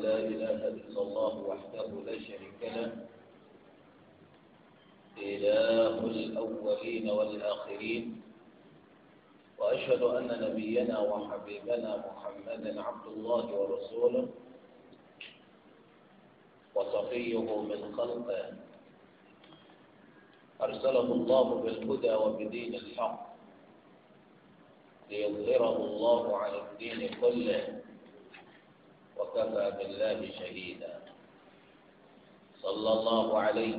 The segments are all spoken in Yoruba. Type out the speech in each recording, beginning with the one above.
أن لا إله إلا الله وحده لا شريك له إله الأولين والآخرين وأشهد أن نبينا وحبيبنا محمدا عبد الله ورسوله وصفيه من خلقه أرسله الله بالهدى وبدين الحق ليظهره الله على الدين كله وكفى بالله شهيدا صلى الله عليه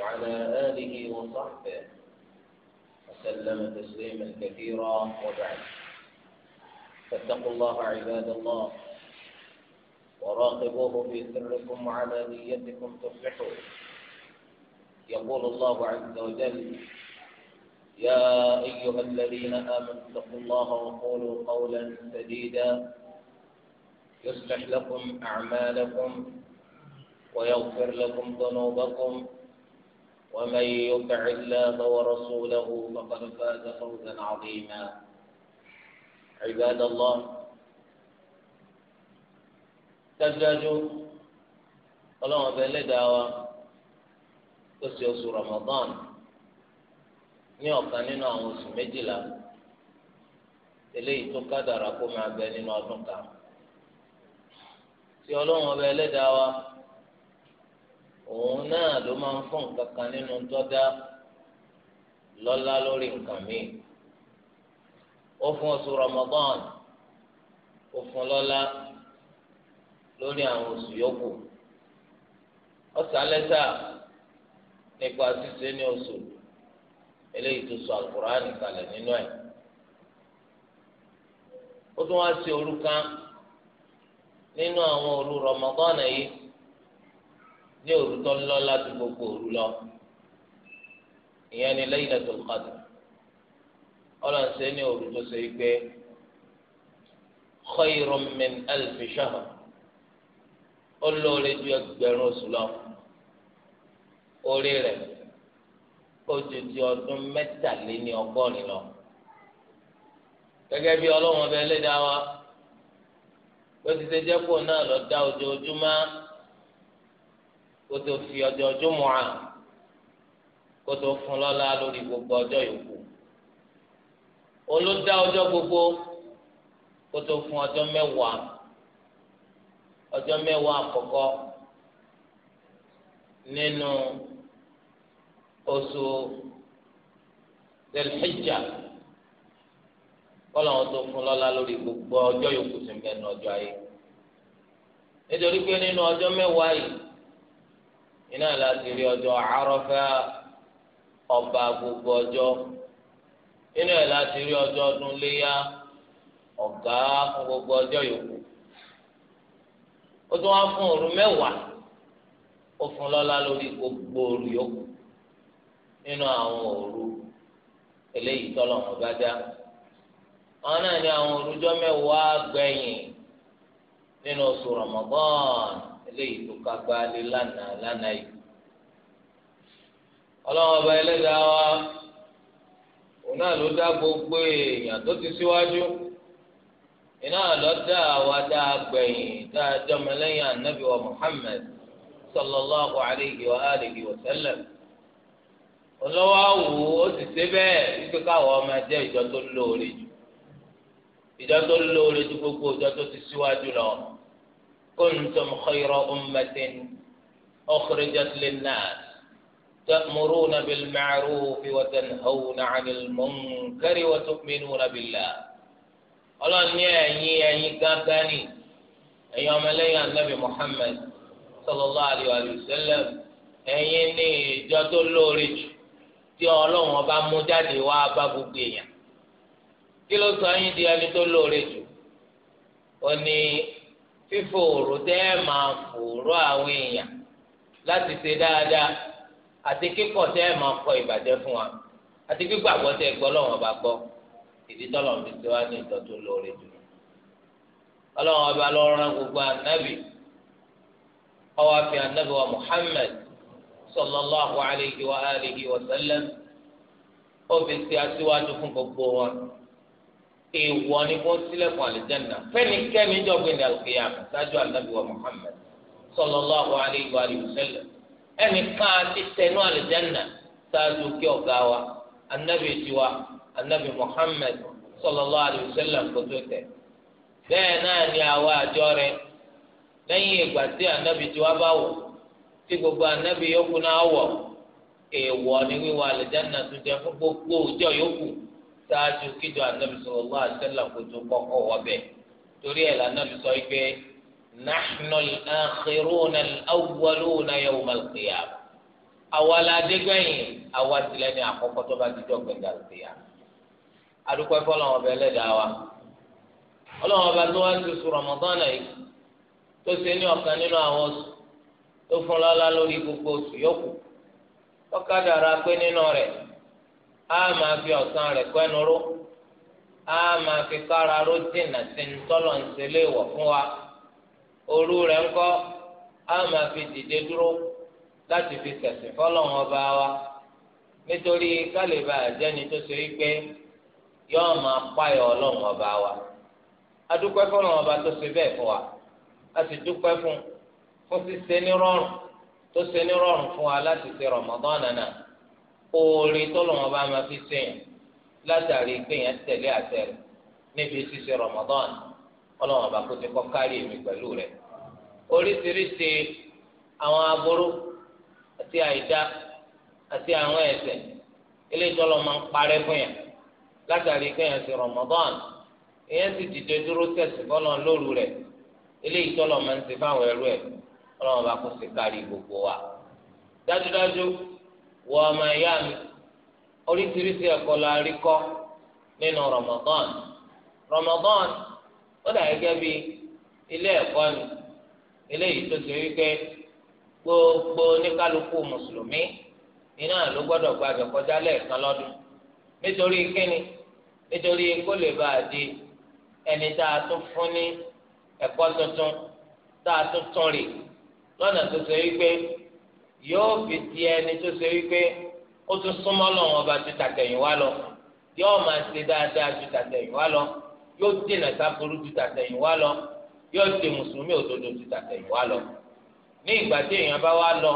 وعلى آله وصحبه وسلم تسليما كثيرا وبعد فاتقوا الله عباد الله وراقبوه في سركم وعلى نيتكم تصلحوا يقول الله عز وجل يا أيها الذين آمنوا اتقوا الله وقولوا قولا سديدا يصلح لكم أعمالكم ويغفر لكم ذنوبكم ومن يطع الله ورسوله فقد فاز فوزا عظيما عباد الله تزداد اللهم بين دعوة تسيوس رمضان ní ọ̀kan nínú àwọn oṣù méjìlá eléyìí tí ọlọ́run ọba ẹlẹ́dàá wa òun náà ló máa ń fún nǹkan nínú tọ́dá lọ́lá lórí nǹkan míì ó fún oṣù Ramadan ó fún lọ́lá lórí àwọn oṣù yòókù ọ̀sálẹ́sà nípa ṣíṣe ní oṣù eléyìí tó sọ al nínú ẹ̀ nínú àwọn òru rọmọdọ́nà yìí ní òru tó lọ́lá ju gbogbo òru lọ ìyẹn ni Laylatul Qadr ọlọ́nṣẹ́ ní òru tó ṣe gbé khayrun min alfi shahr ó lóore ju ẹgbẹ̀rún oṣù lọ orí rẹ̀ ó ju ti ọdún mẹ́tàléní ọgọ́rin lọ gẹ́gẹ́ bí ọlọ́wọ́n bẹ́ẹ̀ lé wa bó ti ṣe jẹ́ pò náà lọ dá ojoojúmọ́ kó tó fi ọjọ́ júmọ́ à kó tó fún lọ́lá lórí gbogbo ọjọ́ yòókù olódá ọjọ́ gbogbo kó tó fún ọjọ́ mẹ́wàá ọjọ́ mẹ́wàá àkọ́kọ́ nínú oṣù Dhul kọ́lọ̀ wọn tó fún lọ́lá lórí gbogbo ọjọ́ yòókù sí mbẹ́ nínú ọjọ́ ayé nítorí pé nínú ọjọ́ mẹ́wàá yìí iná láti rí ọjọ́ àárọ̀fẹ́ ọba gbogbo ọjọ́ inú ẹ̀ láti rí ọjọ́ ọdún léyà ọ̀gá fún gbogbo ọjọ́ yòókù ó tún wá fún òru mẹ́wàá ó fún lọ́lá lórí gbogbo òru yòókù nínú àwọn òru eléyìí tọ́lọ̀ wọn bá àwọn náà ní àwọn olùjọ mẹ́wàá gbẹ̀yìn nínú oṣù Ramadan eléyìí tó kagbá lé lánàá lánàá yìí ọlọ́wọ́n ọba ẹlẹ́dàá wa òun náà ló dá gbogbo èèyàn tó ti síwájú iná lọ dá dá gbẹ̀yìn dá jọmọlẹ́yìn Muhammad sallallahu alayhi wa wa sallam ó sì ṣe bẹ́ẹ̀ wípé káwọn ọmọ ẹjẹ́ ìjọ tó lóore ìjọ tó lóore ju gbogbo ìjọ tó ti síwájú lọ kuntum khayra ummatin ukhrijat linnas ta'muruna bil ma'rufi wa tanhawna 'anil munkari wa tu'minuna billah ọlọ́ọ̀ni ẹ̀yin ẹ̀yin gángan ni ẹ̀yin ọmọlẹ́yìn anabi muhammed sallallahu alayhi wa sallam ẹ̀yin ní ìjọ tó lóore jù tí ọlọ́run ọba mú jáde wá bá gbogbo èèyàn kí ló sọ yín di ẹni tó lóore jù ó ní fífòòrò tẹ́ ẹ máa fòòrò àwọn èèyàn láti ṣe dáadáa àti kíkọ̀ tẹ́ ẹ máa kọ ìbàjẹ́ fún wa àti gbígbàgbọ́ tẹ́ ẹ gbọ́ lọ́wọ́n bá gbọ́ ìdí tọ́lọ̀ fi ṣe wá ní ìtọ́jú lóore jù ọlọ́wọ́n ọba lọ́rán gbogbo ànábì ọwọ́ àfi ànábì wa Muhammad sallallahu alayhi wa alihi wa sallam ó fi ṣe aṣíwájú fún gbogbo wọn èèwọ̀ ni kò sílẹ̀kùn àlìjẹ́nà fẹ́nikẹ́ni jọ̀gbìn ní alùpùpù ṣáájú ànábì wa Muhammad sallallahu alayhi wa sallam ẹnì kan ti tẹnu àlìjẹ́nà ṣáájú kí ọ̀gá wa ànábì tiwa ànábì Muhammad sallallahu alayhi wa sallam kò tó tẹ̀. náà ni àwa àjọ rẹ lẹ́yìn ìgbà tí ànábì tiwa bá wọ̀ tí gbogbo ànábì yòókù náà wọ̀ èèwọ̀ ni wíwọ̀ àlìjẹ́nà tó jẹ́ fún gbogbo òjò yòókù ṣáájú kíjọ anabi sallallahu alaihi wasallam tó kọ́kọ́ wọbẹ torí ẹ lànàbì sọ pé nahnu al-akhiruna al-awwaluna yawm al-qiyamah àwa la dégbẹ̀yìn àwa tilẹ̀ ní àkọ́kọ́ tó bá dídọ gbẹdà al-qiyamah adúpẹ́ fọlọ́wọn ọbẹ̀ ẹlẹ́dàá wa ọlọ́wọ́n ọba tó wá ti sùn Ramadan yìí tó ṣe ní ọ̀kan nínú àwọn oṣù tó fún lọ́lá lórí gbogbo oṣù yòókù tọ́kadà ra pé nínú rẹ̀ á máa fi ọ̀sán rẹ̀ kwẹ́nu ró fi kára ró dènà sí ní tọ́lọ̀ ń sẹlẹ̀ wọ̀ fún wa òru fi dìde dúró láti fi ọba wa nítorí kálíbà àjẹni tó ṣe wípé yọ́ọ́ máa ọlọ́run ọba wa adúpẹ́ ọba tó ṣe bẹ́ẹ̀ fún wa a sì dúpẹ́ fún fún ṣíṣe ní rọrùn tó oore tọ́lọ́wọ́n bá máa fi sèyàn látàrí gbẹ̀yàn tẹ̀lé àtẹ rẹ̀ níbi ṣíṣe Ramadan ọlọ́wọ́n bá kó ti kọ́ kárí èmi pẹ̀lú rẹ̀ oríṣiríṣi àwọn aburú àti àìdá àti àwọn ẹ̀ṣẹ̀ ilé ìtọ́lọ́ máa ń parẹ́ fún yàn látàrí gbẹ̀yàn sí Ramadan èyàn sì dìde dúró tẹ̀sí bọ́lọ̀ lóru rẹ̀ ilé ń ṣe fáwọn ẹrú ẹ̀ ọlọ́wọ́n bá kó ti kárí gbogbo wa dájúdájú. wọ ọmọ ya mi oríṣiríṣi ẹ̀kọ́ la rí kọ́ nínú Ramadan Ramadan ó dà gẹ́gẹ́ bí ilé ẹ̀kọ́ ni eléyìí tó ṣe wípé gbogbo oníkálukú mùsùlùmí iná ló gbọ́dọ̀ gbàgbé kọjá lẹ́ẹ̀kan lọ́dún nítorí kíni nítorí kó lè bá a di ẹni tá a tún fún ní ẹ̀kọ́ tuntun tá a tún tún yóò fi di ẹni tó ṣe wípé ó tún súnmọ́ lọ́wọ́n ọba ju tàtẹ̀yìnwá lọ yóò máa ṣe dáadáa ju tàtẹ̀yìnwá lọ yóò dènà sáfúrú ju tàtẹ̀yìnwá lọ yóò di mùsùlùmí òdodo ju tàtẹ̀yìnwá lọ. ní ìgbà tí èèyàn bá wá lọ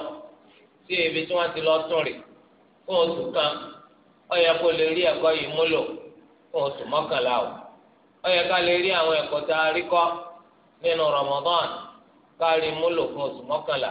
sí ibi tí wọ́n ti lọ tún rè fún oṣù kan ó yẹ kó lè rí ẹ̀kọ́ yìí múlò fún oṣù mọ́kànlá o ó yẹ ká lè rí àwọn ẹ̀kọ́ tá a rí kọ́ nínú Ramadan ká rí múlò fún oṣù mọ́kànlá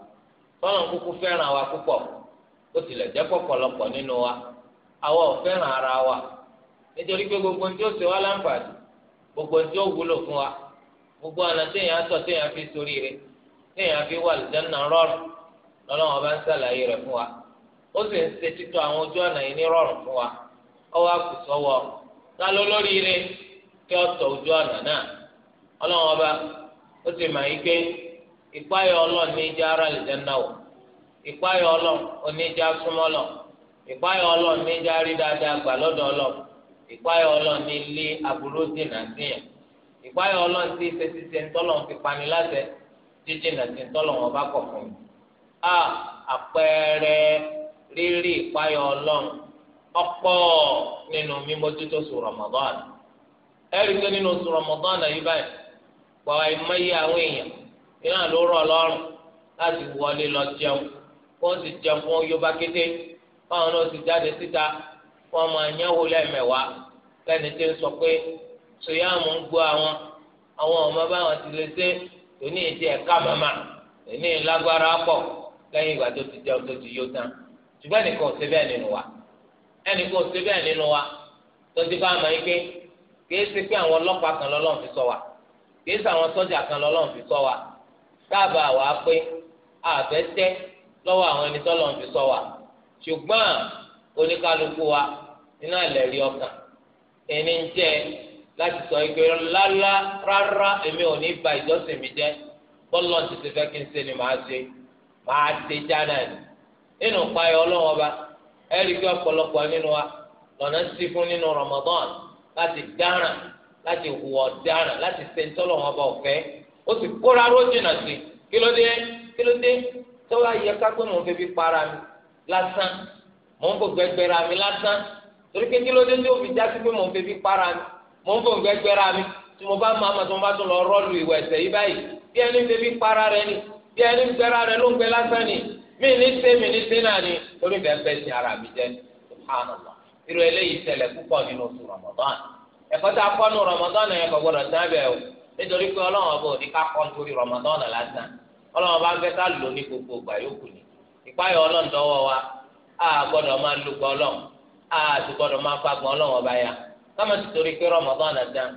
tọ́lọ̀ kúkú fẹ́ràn awa púpọ̀ ó tilẹ̀ jẹ́ pọ̀pọ̀lọpọ̀ nínú wa àwa ò fẹ́ràn ara wa nítorí pé gbogbo ní tí ó ṣe wá láǹfààní gbogbo ní tí ó wúlò fún wa gbogbo ọ̀nà téèyàn sọ téèyàn fi sórí fi wà lùdánù rọrùn lọ́lọ́wọ́n bá ń sàlàyé rẹ̀ fún wa ó sì ń ṣe títọ́ àwọn ojú yìí ní rọrùn fún wa ọwọ́ àkùsọ́wọ́ ìpáyọ ọlọ ní ara àlìjáná wò ìpáyọ ọlọ oníjà súnmọlọ ìpáyọ Ọlọ́run ọlọ ìjà rí dáadáa gbà lọ́dọ̀ Ọlọ́run ìpáyọ Ọlọ́run ní ilé aburú dènà síyàn ìpáyọ Ọlọ́run tí ṣe ti ṣe ńtọlọ ti pani láṣẹ jíjìnà ti ńtọlọ wọn bá kọ fún mi. a àpẹẹrẹ rírí nínú sùn ẹ rí i pé nínú sùn yìí iná ló rọ̀ lọ́rùn láti wọlé lọ jẹun kó o sì jẹun fún yorùbá kété báwọn náà sì jáde síta wọn máa yánwó lẹ́ẹ̀mẹ̀wàá lẹ́ni tí ń sọ pé sòyàmù ń gbọ́ àwọn àwọn ọmọ báwọn ti lè ṣe òní ìdí ẹ̀ka màmá òní ìlágbára pọ̀ lẹ́yìn ìgbà tó ti jẹun tó ti yó tán ṣùgbọ́n ẹnì kan ò ṣe bẹ́ẹ̀ nínú wa ẹnì kan ò ṣe bẹ́ẹ̀ nínú wa tó ti bá a mọ̀ yín pé kìí ṣe pé àwọn ọlọ́pàá kan lọ́lọ́run fi sọ wa kìí ṣe àwọn sọ́jà kan lọ́lọ́run fi sọ wa táàbà wà á pé àfẹ́ tẹ́ lọ́wọ́ àwọn ẹni tọ́lọ̀ ń fi sọ wa ṣùgbọ́n oníkálukú wa iná ẹlẹ́rìí ọkàn ẹni ń jẹ́ láti sọ ìgbé lálá rárá èmi ò ní ba ìjọsìn mi jẹ́ bọ́lọ̀ ti ti fẹ́ kí n ṣe ni màá ṣe màá ṣe jáná ni nínú payọ ọlọ́wọ́n ba ẹ̀rí kí ọ̀pọ̀lọpọ̀ nínú wa lọ́nà sí fún nínú Ramadan láti dáràn láti hùwà dáràn láti ṣe ń tọ́lọ̀ wọn bá ọ̀fẹ́. ó sì kóra ró jìnnà sí kí ló dé kí ló dé tó wá yẹ ká pé mò ń para mi lásán mò ń fò gbẹgbẹra mi lásán torí pé kí ló dé tó fi já sí pé mò ń para mi mò ń fò gbẹgbẹra mi tí mo bá mọ tí mo bá tún lọ ìwà yìí báyìí para rẹ ni bí ẹni gbẹra rẹ ló ń gbẹ lásán ni mí ní sé mi ní sé náà ni orí nítorí pé ọlọ́run ọba òní ká kọ́ nítorí rọmọdọ́nà lásán ọlọ́run ọba fẹ́ ká lò ní gbogbo ìgbà yòókù ni ìpáyọ̀ ọlọ́run dọ́wọ́ wa a gbọ́dọ̀ máa lùgbọ́ ọlọ́run a ti gbọ́dọ̀ máa fagbọ́n ọlọ́run ọba ya káma ti torí pé rọmọdọ́nà dán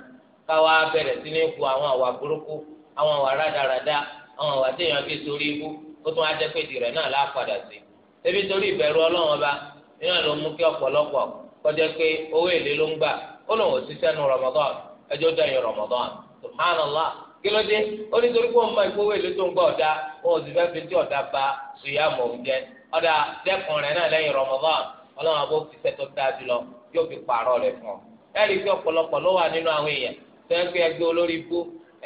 káwa bẹ̀rẹ̀ sí ní ku àwọn àwà burúkú àwọn àwà rádaràda àwọn àwà téèyàn fi torí ibú ó tún á jẹ́ pé tìrẹ̀ náà lá padà sí ebi torí ìbẹ̀rù ọlọ́run ọba iná ló mú kí ọ̀pọ̀lọpọ̀ kọjá pé owó èlé ló ń gbà ó lòun ò sí sẹ́nu rọmọdọ́n ẹjọ́ dẹ̀yìn rọmọdọ́n subhanallah kí ló dé ó ní torí pé wọn máa gbówó èlé tó ń gbọ ọdá wọn ò sì fẹ́ fi tí ọdá ba sùyàmù jẹ ọdà dẹkùn rẹ náà lẹ́yìn Ramadan Ọlọ́run àbó fi sẹtọ dáa jùlọ yóò fi pààrọ̀ rẹ fún ọ ẹrí fi ọ̀pọ̀lọpọ̀ ló wà nínú àwọn èèyàn tó ń pè ẹgbẹ́ olórí ibú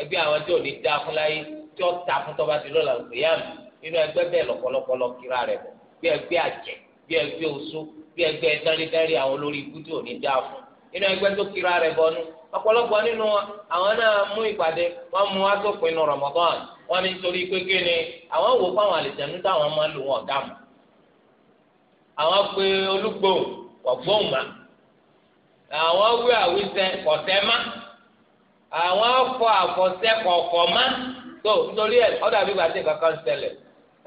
ẹgbẹ́ àwọn tí ò ní dáa fún láyé tí ó ta fún tọba ti lọlá sùyàmù nínú ẹgbẹ́ bẹ́ẹ̀ lọ́pọ̀lọpọ̀ inú ẹgbẹ́ tó kira rẹ̀ bọ́nu ọ̀pọ̀lọpọ̀ nínú àwọn náà mú ìpàdé wọ́n mú asòpin nù Ramadan wọ́n ní torí kéke ni àwọn wò fún àwọn àlìjẹ̀nu táwọn máa lò wọ́n àwọn pe olúgbò ọ̀gbọ́n ma àwọn wí àwísẹ kọ̀tẹ́ má àwọn afọ àfọ̀sẹ́ kọ̀ọ̀kọ̀ má tó nítorí ọ̀dà kankan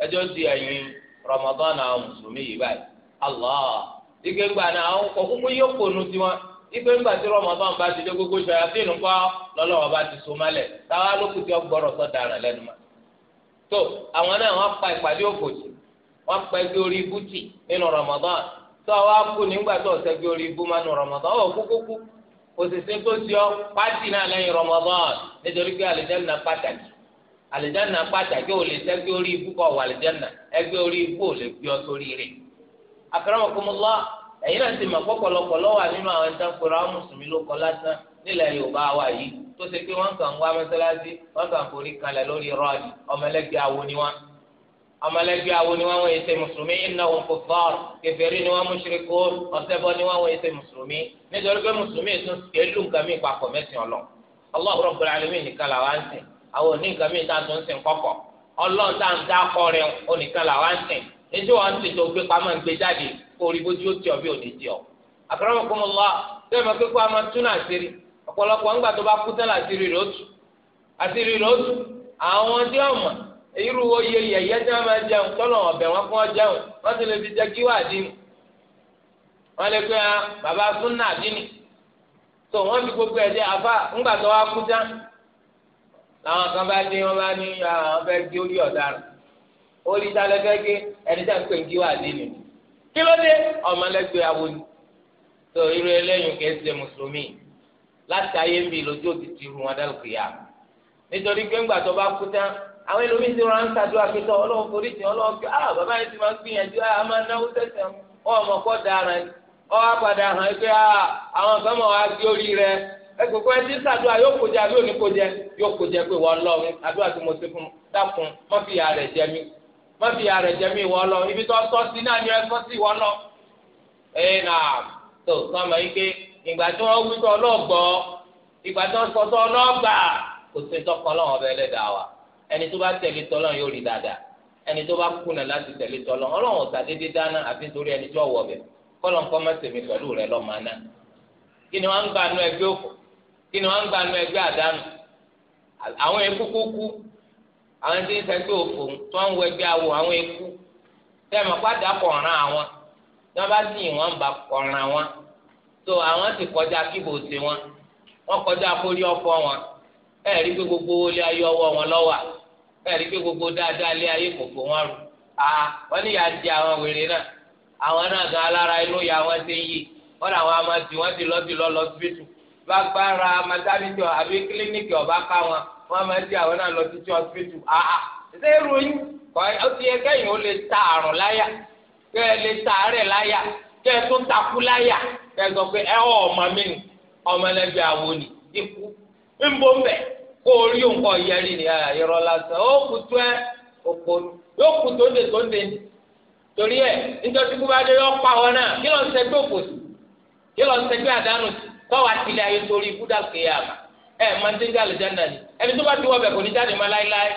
ẹjọ́ di àwọn mùsùlùmí yìí báyìí Allah náà yóò tiwọn. ipe mba tí rọmọdọn bá ti dé gbogbo ṣayatin kọ́ lọ́lọ́wọ́ bá ti so mọ́lẹ̀ táwa ló kù tí ó gbọ́rọ̀ sọ dàrán lẹ́nu mọ́. tó àwọn náà wọ́n pa ìpàdé òfòjì wọ́n pa ẹgbẹ́ orí ibú tì nínú rọmọdún tó wá kú nígbà tó gbé ti ọ pàtì náà lẹ́yìn rọmọdún nítorí pé àlùjánnà pàtàkì àlùjánnà pàtàkì ò lè sẹ́gbẹ́ orí ibú kọ̀ wà orí ibú ò lè gbé ọ sórí rẹ̀ ẹ̀yin náà ti mọ̀ pọ̀pọ̀lọpọ̀ lọ́wọ́ nínú àwọn ẹ̀ńtà kura mùsùlùmí ló kọ́ lásán nílẹ̀ yorùbá wa yìí tó ṣe pé wọ́n kàn ń wá mọ́sálásí wọ́n kàn forí kalẹ̀ lórí rọ́ọ̀lì ọmọlẹ́gbẹ́ awo ni wọ́n ọmọlẹ́gbẹ́ awo ni wọ́n wọ́n yẹn ṣe mùsùlùmí innahum kuffar kèfèrí ni wọ́n mushrikun ọ̀sẹ̀bọ ni wọ́n wọ́n yẹn ṣe mùsùlùmí nítorí pé mùsùlùmí tún kéèlú nǹkan ètò wọn orí bójú ó ti ọ bí ò ní ti ọ àkàràmọ kọmọ lọ ṣé ẹ máa pé kó a máa tún àṣírí ọ̀pọ̀lọpọ̀ ńgbà tó bá kú tán àṣírí rẹ̀ ó tú àṣírí rẹ̀ ó tú àwọn tí wọn mọ irú oyè yẹyẹ tí wọn máa jẹun tọnà ọbẹ wọn fún ọ jẹun wọn ti lè fi jẹ kíwà dín wọn lè pe ah, bàbá súnà dín tó wọn fi gbogbo ẹ jẹ àfa ńgbà tó wá kú tán làwọn kan bá dé wọn bá ní àwọn ah, fẹẹ gé orí ọ̀daràn orí ta gé ẹni kí ló dé ọmọlẹ́gbẹ́ awo ni tó irú eléyìí kìí mùsùlùmí láti ayé ń bi lójú òtí ti ru nítorí pé ńgbà tó bá kú tán àwọn ti rán ṣáájú akétọ ọlọ́wọ́ forí ti ọlọ́wọ́ ah, bàbá yẹn ti máa gbìyànjú ah máa náwó ọmọ ni ọ wá padà hàn pé ah àwọn wá orí rẹ yóò kó jẹ àbí má fi ara jẹ mí wọ lọ ibi tó sọ sí náà ni ẹ sọ sí wọ lọ. ẹ nà tó sọmọ yìí pé ìgbà tí wọn wí tó ọlọgbọ ìgbà tí wọn sọ tó ọlọgbà kò sí tọkọ lọwọ bẹ́ẹ̀ lẹdàá wa ẹni tó bá tẹ̀lé tọlọ yóò rí dáadáa ẹni tó bá kùnà láti tẹ̀lé tọlọ Ọlọ́run ọ̀tà dédé dáná àfi nítorí ẹni tó wọ bẹ kọlọ ńkọ má tèmi pẹ̀lú rẹ lọmọ aná kí ni àwọn tí ń sẹgbẹ́ òfò tó ń wọ ẹgbẹ́ awo àwọn eku tẹ́ẹ̀mọ̀ pàdé akọ̀ràn àwọn tí wọ́n bá sì wọ́n ń ba kọ̀ràn wọn tó àwọn ti kọjá kíbo sí wọn wọ́n kọjá kórí ọ̀fọ̀ wọn ẹ̀ẹ́rí pé gbogbo olé ayé ọwọ́ wọn lọ́wọ́ ẹ̀ẹ́rí pé gbogbo dáadáa lé ayé kòkó wọn rù à wọ́n ní ìyá di àwọn wèrè náà àwọn náà gan alára inú ya wọn ti yí wọn làwọn amadi wọn ti lọ ti lọ lọ wọ́n máa di àwọn náà lọ sí tí hospital àà ṣé ìròyìn kọ́ ọ ó lè ta àrùn láyà ẹ lè ta àárẹ̀ láyà kẹ́ ẹ tó takú láyà kẹ́ ẹ sọ pé ẹ ọ ọmọ mi nì ọmọ ẹlẹ́bi àwo ikú ń kó o rí nǹkan lásán ó ẹ yọ pa wọn náà kí kí àdánù ayé torí kéèyàn ẹ máa ń tẹ́jú àlùjáná ni ẹni tó bá ti wọ bẹ̀ kò ní jáde má láéláé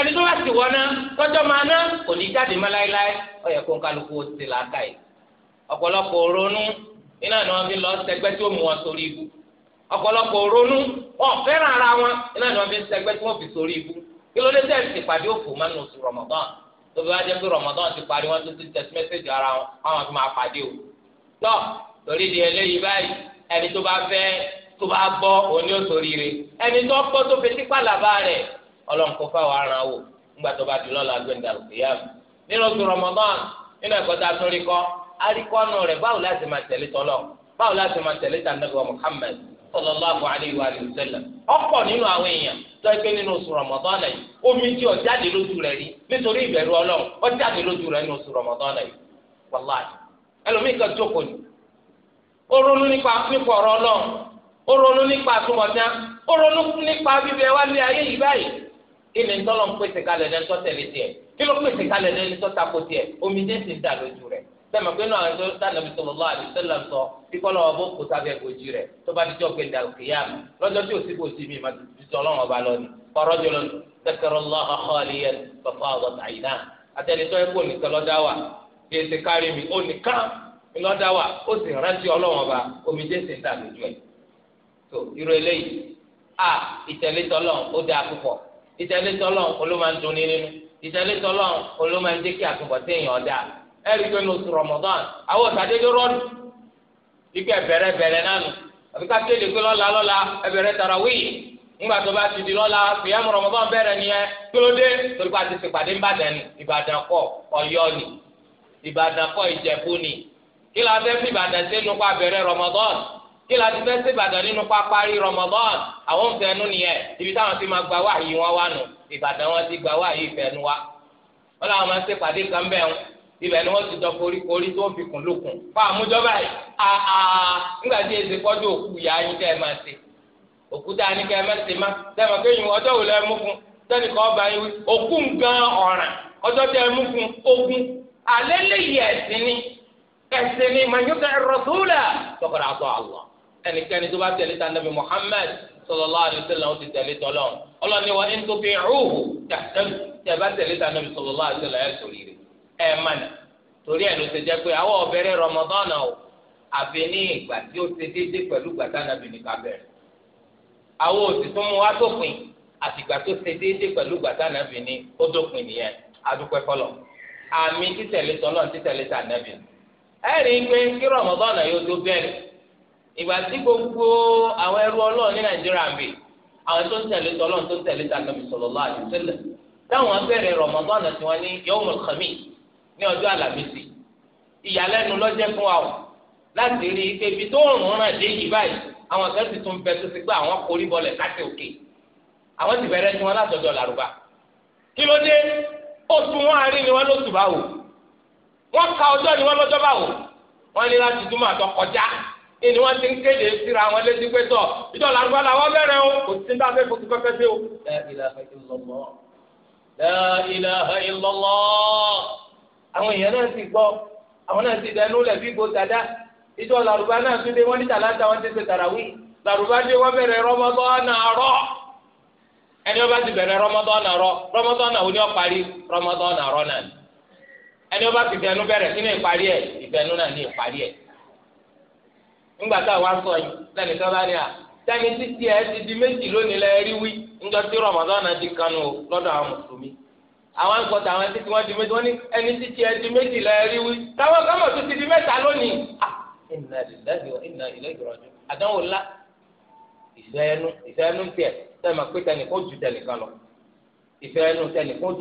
ẹni tó bá ti wọ ná tọ́jọ́ máa ná kò ní jáde má láéláé ó yẹ kó ń kálukú ó ti là ká yìí ọ̀pọ̀lọpọ̀ ronú iná ni wọ́n fi lọ sẹgbẹ́ tí ó mú wọn sórí ibu ọ̀pọ̀lọpọ̀ ronú wọn fẹ́ràn ara wọn iná ni wọ́n fi sẹgbẹ́ tí wọ́n fi sórí ibu kí ló dé tẹ̀ ti pàdé òfò mánu oṣù Ramadan tó fi wá jẹ́ pé Ramadan ti parí wọn tó ti tẹ̀sí mẹ́sẹ̀gì ara wọn káwọn o tọ́ torí tó bá gbọ́ òní ó ẹni tó gbọ́ tó fetí pàlàbà rẹ̀ ọlọ́run kó fáwọn aràn wò ńgbà tó bá di lọ́la gbẹ̀ndà òkèèyàn nínú oṣù Ramadan nínú ẹ̀kọ́ tá a tún rí kọ́ arikọ́nù rẹ̀ báwo láti alayhi wa nínú àwọn èèyàn tó ẹgbẹ́ nínú oṣù yìí omi tí lójú rẹ̀ rí nítorí ìbẹ̀rù ọlọ́run lójú rẹ̀ nínú ó ronú nípa àtúmọ̀tá ó ronú nípa bíbẹ wá lé ayé yìí báyìí kí ni tọ́lọ̀ ń pèsè kalẹ̀ lẹ́ni tó tẹ̀lé tiẹ̀ kí ló pèsè kalẹ̀ lẹ́ni tó tako tiẹ̀ omi jẹ́ ti dà lójú rẹ̀ sẹ́mi pé náà ẹ̀jọ́ tànàbí sallallahu alaihi wasallam sọ kíkọ́ lọ́wọ́ bó kó sábẹ́ gojì rẹ̀ tó bá dijọ́ pé dàrú kìyàmù lọ́jọ́ tí ò sí gojì mi ma tuntun ọlọ́run ọba lọ ni farajulun zakarallaha khaliyan fafadat aynahu àtẹnitọ́ ẹ̀kọ́ nìkan lọ́dá wa bí ẹsẹ̀ kárí mi ó nìkan lọ́dá wa ó sì rántí ọlọ́run ọba omi jẹ́ sèǹtà lójú ẹ̀ tó irú eléyìí a ìtẹ̀lé tọ́lọ́n ó dáa púpọ̀ ìtẹ̀lé tọ́lọ́n olóma ń dunni nínú ìtẹ̀lé tọ́lọ́n olóma ń jẹ́ kí àtúbọ̀tán èèyàn dáa ẹ̀rí pé ní oṣù Ramadan àwọn òtàdéjọ́ rọ́ọ̀nù ikú ẹ̀bẹ̀rẹ̀ bẹ̀rẹ̀ nánu àfi ká kéde pé lọ́la lọ́la ẹ̀bẹ̀rẹ̀ tarawih ńgbà tó bá ti di lọ́la fìyàmù Ramadan bẹ̀rẹ̀ nìyẹn kílódé torí pé a ti ti pàdé ńbàdàn ni Ìbàdàn kọ́ Ọ̀yọ́ ni Ìbàdàn kọ́ Ìjẹ̀bú ni fi Ìbàdàn sínú kó abẹ̀rẹ̀ Ramadan kí la ti fẹ́ ṣèbàdàn nínú pápárí Ramadan àwọn òǹfẹ̀ẹ́nu nìyẹn ibi táwọn ti máa gba wáyé wọn wá nù Ìbàdàn wọn ti gba wáyé ìfẹ́nu wa wọn làwọn máa ṣèpàdé kan bẹ́ẹ̀ wọn ibẹ̀ ni wọ́n ti dọ̀ koríkorí tó ń fi kùn lókun fún àmújọba yìí àà nígbà tí èsì kọ́jú òkú ìyá yín tẹ́ ẹ máa ṣe òkúta ni kẹ́ ẹ máa ṣe má sẹ́mi kéyìn ọjọ́ wò lẹ́ mú fún sẹ́ni kọ́ ọba yín òkú gan ọ̀ràn ọjọ́ tẹ́ ẹ mú fún ogun alẹ́ lè yẹ ẹ̀sìn ni ẹ̀sìn ni màá yóò tẹ ẹ̀rọ sóòlà tọkọ̀dà àtọ̀ àlọ́ ẹnikẹ́ni tó bá tẹ̀lé ta nabi muhammad sallallahu alaihi wasallam ti tẹ̀lé tọ́lọ́ ọlọ́ni wa in tuti'uhu tẹ̀sán tẹ̀ bá tẹ̀lé ta nabi sallallahu alaihi wasallam ẹ̀ sòrí rẹ̀ ẹ̀ mánà torí ẹ̀ ló ti jẹ́ pé àwọn ọ̀bẹ̀rẹ̀ rọmọdọ́nà o àfi ní ìgbà tí ó ti dédé pẹ̀lú gbàtà nàbì ní kábẹ̀rẹ̀ àwọn òtítọ́ mu wá dópin àtìgbà tó ti dédé pẹ̀lú gbàtà nàbì ní ó dópin nìyẹn adúpẹ́ fọlọ́ àmì títẹ̀lé tọ́lọ́ títẹ̀lé tà nàbì pé kí rọmọdọ́nà yóò tó bẹ̀rẹ̀ ìgbà tí gbogbo àwọn ẹrú ọlọ́run ní nàìjíríà ń bè àwọn tó ń tẹ̀lé tọ́lọ́run tó ń tẹ̀lé tàkàmì sallallahu alaihi wasallam táwọn abẹ́rẹ́ Ramadan àti wọn ní yawmul khamis ní ọjọ́ àlàmísì ìyàlẹ́nu lọ́jẹ́ fún wa o láti rí i pé ibi tó rùn rán dé yìí báyìí àwọn kan ti tún bẹ tó ti gbé àwọn korí bọlẹ̀ láti òkè àwọn ti bẹ̀rẹ̀ tí wọn látọjọ́ làrúbá kí ló dé oṣù wọn àárín ni wọn ló tù báwò wọn ka ọjọ́ ni wọn lọ́jọ́ báwò wọn ní láti túmọ̀ àtọkọjá ìní wọn ti ń kéde síra wọn létí pé tọ ìjọ làǹgbà làwọn bẹ̀rẹ̀ o kò sí ní abẹ́ fojú pẹ́pẹ́ sí o. ilaha illallah. La ilaha illallah. àwọn èèyàn náà sì gbọ́ àwọn náà sì dẹnu lẹ̀ bí gbòó dada ìjọ làrúbá náà tún dé wọ́n ní tàlátà wọ́n ti ṣe tàràwí làrúbá dé wọ́n bẹ̀rẹ̀ Ramadan ẹni nígbà tá a wá sọ yìí tó bá ní a tẹni títí ẹ ti di méjì lónìí lẹ rí wí tí kanu àwọn mùsùlùmí àwọn nǹkan tàwọn títí wọn di méjì wọn ní ẹni títí ẹ di méjì rí wí táwọn tó ti di lónìí. inna lillahi wa inna ilayhi àdánwò ńlá tiẹ̀ pé tẹnìkan tẹnìkan lọ tẹnìkan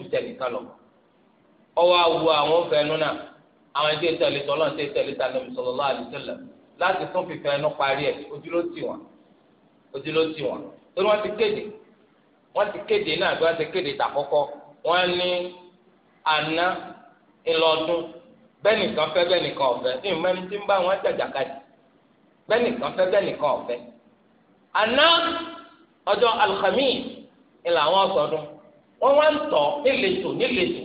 tẹnìkan lọ láti tún fìfẹ́ ẹnu parí ẹ̀ ojú ló tì wọ́n ojú ló tì wọ́n torí wọ́n ti kéde wọ́n ti kéde náà bí wọ́n ti kéde tàkọ́kọ́ wọ́n ní àná ńlọdún bẹ́ẹ̀ nìkan fẹ́ bẹ́ẹ̀ nìkan ọ̀fẹ́ ní ìmọ̀ẹ́ni tí ń bá wọn jàjàkadì bẹ́ẹ̀ nìkan fẹ́ bẹ́ẹ̀ nìkan ọ̀fẹ́ àná ọjọ́ alhamis ni làwọn sọdún wọ́n wá ń tọ̀ níletò níletò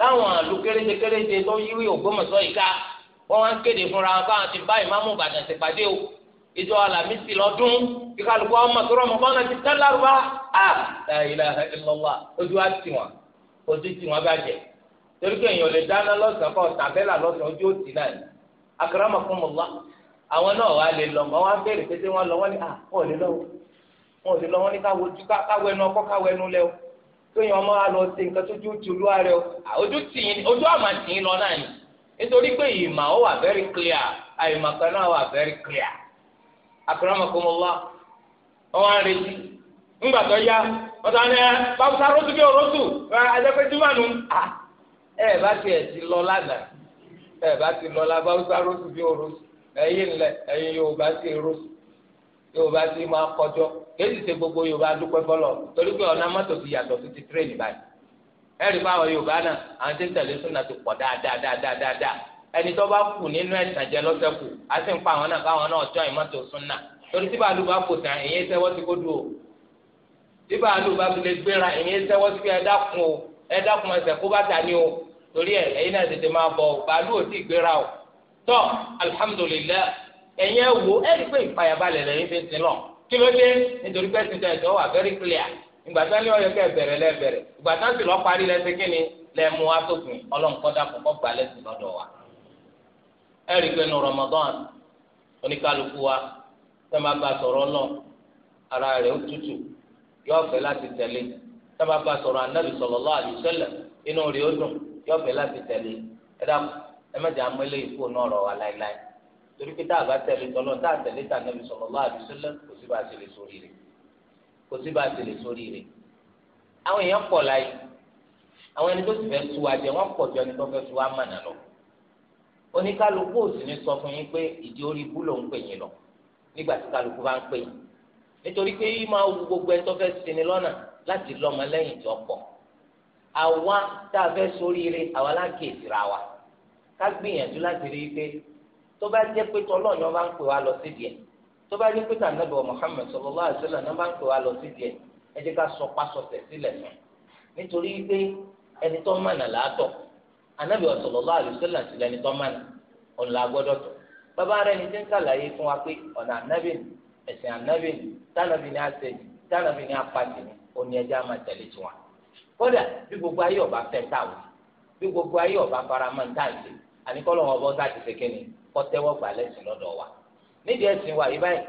láwọn àlù kéréje kéréje tó yíwí Ògbómọ̀ṣọ́ yìí ká wọ́n wá ń kéde fúnra wọn báwọn ti bá ìmáàmù Ìbàdàn ti pàdé o ìjọ alamisi lọ́dún kíkálukú àwọn mọ̀tòrọ̀ mọ̀ ti tẹ́ lárúbá a la ilaha illallah ojú wa ti wọn ojú ti wọn bàjẹ́ torí pé èèyàn lè dáná lọ́sàn-án kọ́ tàbẹ́là lọ́sàn-án ojú ó ti náà àwọn náà wà lè lọ wọn wá béèrè pé wọn lọ wọn ni wọn ò lè lọ wọn ni káwọ ojú káwọ ẹnu ọkọ káwọ ẹnu lẹ nítorí pé ìmọ̀ ó wà very clear àìmọ̀ kan náà wà very clear akramakumullah wọn wá retí ńgbà tó yá wọn sọ ẹ bàbá rọtù bí òrọtù ẹdẹgbẹ jùmọ̀nù ah, ẹ bá ti lọ lánàá ẹ bá ti lọ la bàbá rọtù bí òrọtù ẹyin ńlẹ ẹyin Yorùbá ti rọtù Yorùbá ti máa kọjọ kéjì ṣe gbogbo Yorùbá dúpẹ́ fọlọ torí pé ọ̀nà mọ́tò ti yàtọ̀ ti tírẹ̀nì báyìí ẹ̀rí báwọn yorùbá náà àwọn tí ń tẹ̀lé súnà ti pọ̀ dáadáa dáadáa dáadáa ẹni tó bá kù nínú ẹ̀sán jẹ lọ́sẹ̀ kù á sì ń pa àwọn náà káwọn náà jọ ìmọ̀tò súnà torí tí bàálù bá kò tán èyí sẹ́wọ́ sí kó dùn o tí bàálù bá fi lè gbéra èyí sẹ́wọ́ sí pé ẹ̀dá kun o ẹ̀dá kun ẹsẹ̀ kó bá ta ni o torí ẹ̀ ẹ̀yin náà tètè máa bọ̀ bàálù ò tí ì gbéra o tọ́ alihamudulilayi ẹ̀yin ẹ̀ wò ẹ̀rí pé ìpayàbalẹ̀ lẹ́yìn fi sin lọ kí ló dé nítorí pẹ́sìntẹ̀ ẹ̀dọ́ wà very clear ìgbàtà lé ọyọ kẹ bẹ̀rẹ̀ lẹ bẹ̀rẹ̀ ìgbàtà sì lọ parí lẹsẹ kíni lẹ mú asòfin ọlọ́nkọ́dà kọ́kọ́ gba lẹ́sìn lọ́dọ̀ wa. ẹ̀rí pé nu Ramadan oníkálukú wa sábà bá sọ̀rọ̀ náà ara rẹ̀ ó tutù yóò fẹ́ láti tẹ̀lé sábà bá sọ̀rọ̀ anábì sallallahu alaihi wasallam inú rẹ̀ ó dùn yóò fẹ́ láti tẹ̀lé ẹ dá ẹ mẹ́jọ amẹ́lẹ́ ìkó náà rọ̀ wá láéláé torí pé tá a bá tẹ̀lé tọ́lọ́ tá a tẹ̀lé tà anábì sallallahu alaihi wasallam kò sí bá a ṣe lè sórí rẹ̀ kò sí bá a ti lè sórí rẹ̀ àwọn èèyàn pọ̀ láyé àwọn ẹni tó sì fẹ́ tu àjẹ wọn pọ̀ jọ ẹni tó fẹ́ tu wá mànà lọ oníkálukú ò sì ní sọ fún yín pé ìdí orí ibú ló ń pè yín lọ nígbà tí kálukú bá ń pè yín nítorí pé yín máa wu gbogbo ẹni tó fẹ́ sinmi lọ́nà láti lọ́mọ lẹ́yìn tí ó pọ̀ àwa tá a fẹ́ soríire àwa láǹkì ìsira wa ká gbìyànjú láti rí i pé tó bá jẹ́ pé tọ́lọ́ọ̀yàn bá ń pè wá lọ sídìí tó bá yẹ pété anabi wa muhammed sallallahu alaihi wasallam náà máa ń pè wá lọ sí díẹ̀ ẹ jẹ́ ká sọ pásọsẹ sílẹ̀ mọ́ nítorí pé ẹni tó mànà làátọ anabi wa sallallahu alaihi wasallam sílẹ̀ ẹni tó mànà ọ̀nà làgbọ́dọ̀ tọ̀ bàbá rẹ ni tí ń sàlàyé fún wa pé ọ̀nà anabi ẹ̀sìn anabi tànàbí ni àṣẹjì tànàbí ni apàtì ni òní ẹjẹ á máa tẹ̀lé tiwọn kódà bí gbogbo ayé ọba fẹ́ táwọn bí gbogbo ayé ọba faramọ́ ń tàǹtì àníkọ́ lọ́wọ́ ọba ọ̀tá ti ṣe nídìí ẹ̀sìn wa yìí báyìí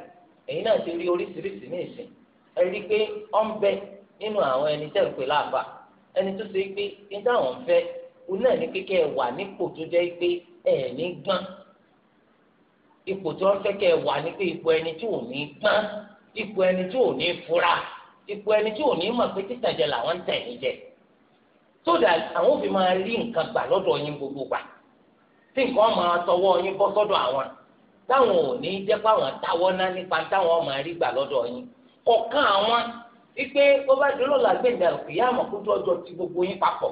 èyí náà ti rí oríṣiríṣi ní ìsìn ẹ rí i pé ọ ń bẹ nínú àwọn ẹni tẹ́ ń pè láàbà ẹni tó ṣe pé ní táwọn fẹ́ o náà ní kékẹ́ ẹ wà nípò tó jẹ́ pé ẹ ní gbọ́n ipò tí wọ́n fẹ́ kẹ́ ẹ wà ní fura ipò ẹni tí ò ní mọ̀ pé títàjẹ làwọn ń tẹ̀ ní jẹ àwọn máa rí nǹkan gbà lọ́dọ̀ yín gbogbo gbà tí nǹkan máa tọwọ́ yín bọ́ sọ́dọ̀ àwọn táwọn ò ní jẹ́ páwọn táwọ́ ná nípa táwọn ọmọ rí gbà lọ́dọ̀ yín kọ̀ọ̀kan àwọn wípé ó bá dúró làgbèjà òkèèyà àmọ̀kútó ọjọ́ ti gbogbo yín papọ̀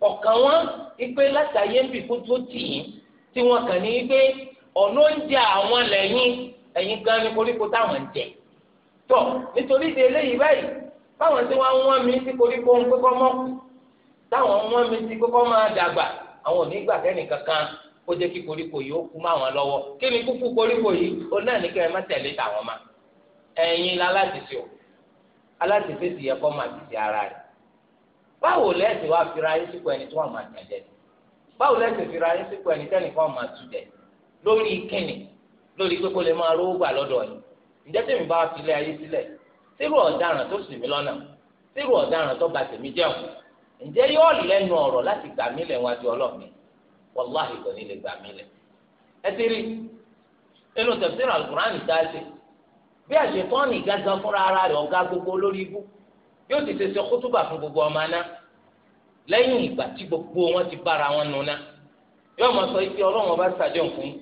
kọ̀ọ̀kan wọn wípé látàyé ń bì kó tó tì yín tí wọn kàn ní wípé ọ̀nà oúnjẹ àwọn lẹ́yìn ẹ̀yìn gan ni koríko táwọn ń jẹ tó nítorí ti eléyìí báyìí báwọn tí wọn wọ́n mi sí koríko ń pé kọ́ táwọn wọ́n mi sí pé máa dàgbà àwọn ò ní gbà kẹ́nìkankan kó jẹ́ kí koríko yìí ó kú mọ́ àwọn lọ́wọ́ kí ni kúkú koríko yìí ó náà ní kẹ́ ẹ má tẹ̀lé tàwọn ma ẹ̀yin la alátìsí o alátìsí ti yẹ kọ́ máa tìsí ara rẹ̀ báwo lẹ́sìn wá fira yín sípò ẹni tí wọ́n máa tẹ̀lé báwo lẹ́sìn fira yín sípò ẹni tẹ́nìkan máa tù jẹ lórí kẹ́nì lórí pé kó lè máa rówó gbà lọ́dọ̀ yìí ǹjẹ́ tèmi bá filẹ̀ ayé sílẹ̀ sírù ọ̀daràn tó sì mí lọ́nà sírù ọ̀daràn tó bà tèmi jẹun ǹjẹ́ yóò lẹ́nu ọ̀rọ̀ láti gbà mí lẹ́wọ̀n àti ọlọ́ọ̀mí wàláhì kò ní lè gbà mí lẹ̀. ẹ ti rí inú tẹ̀síìrì alukur'an dáṣe bí àṣetọ́ni gángan fúnra ara rẹ̀ ọ̀gá gbogbo lórí ibú yóò ti ṣẹṣẹ kútùbà fún gbogbo ọmọ aná lẹ́yìn ìgbà tí gbogbo wọn ti bára wọn nuna yóò máa sọ ike ọlọ́run ọba ṣàdéhùn fún yín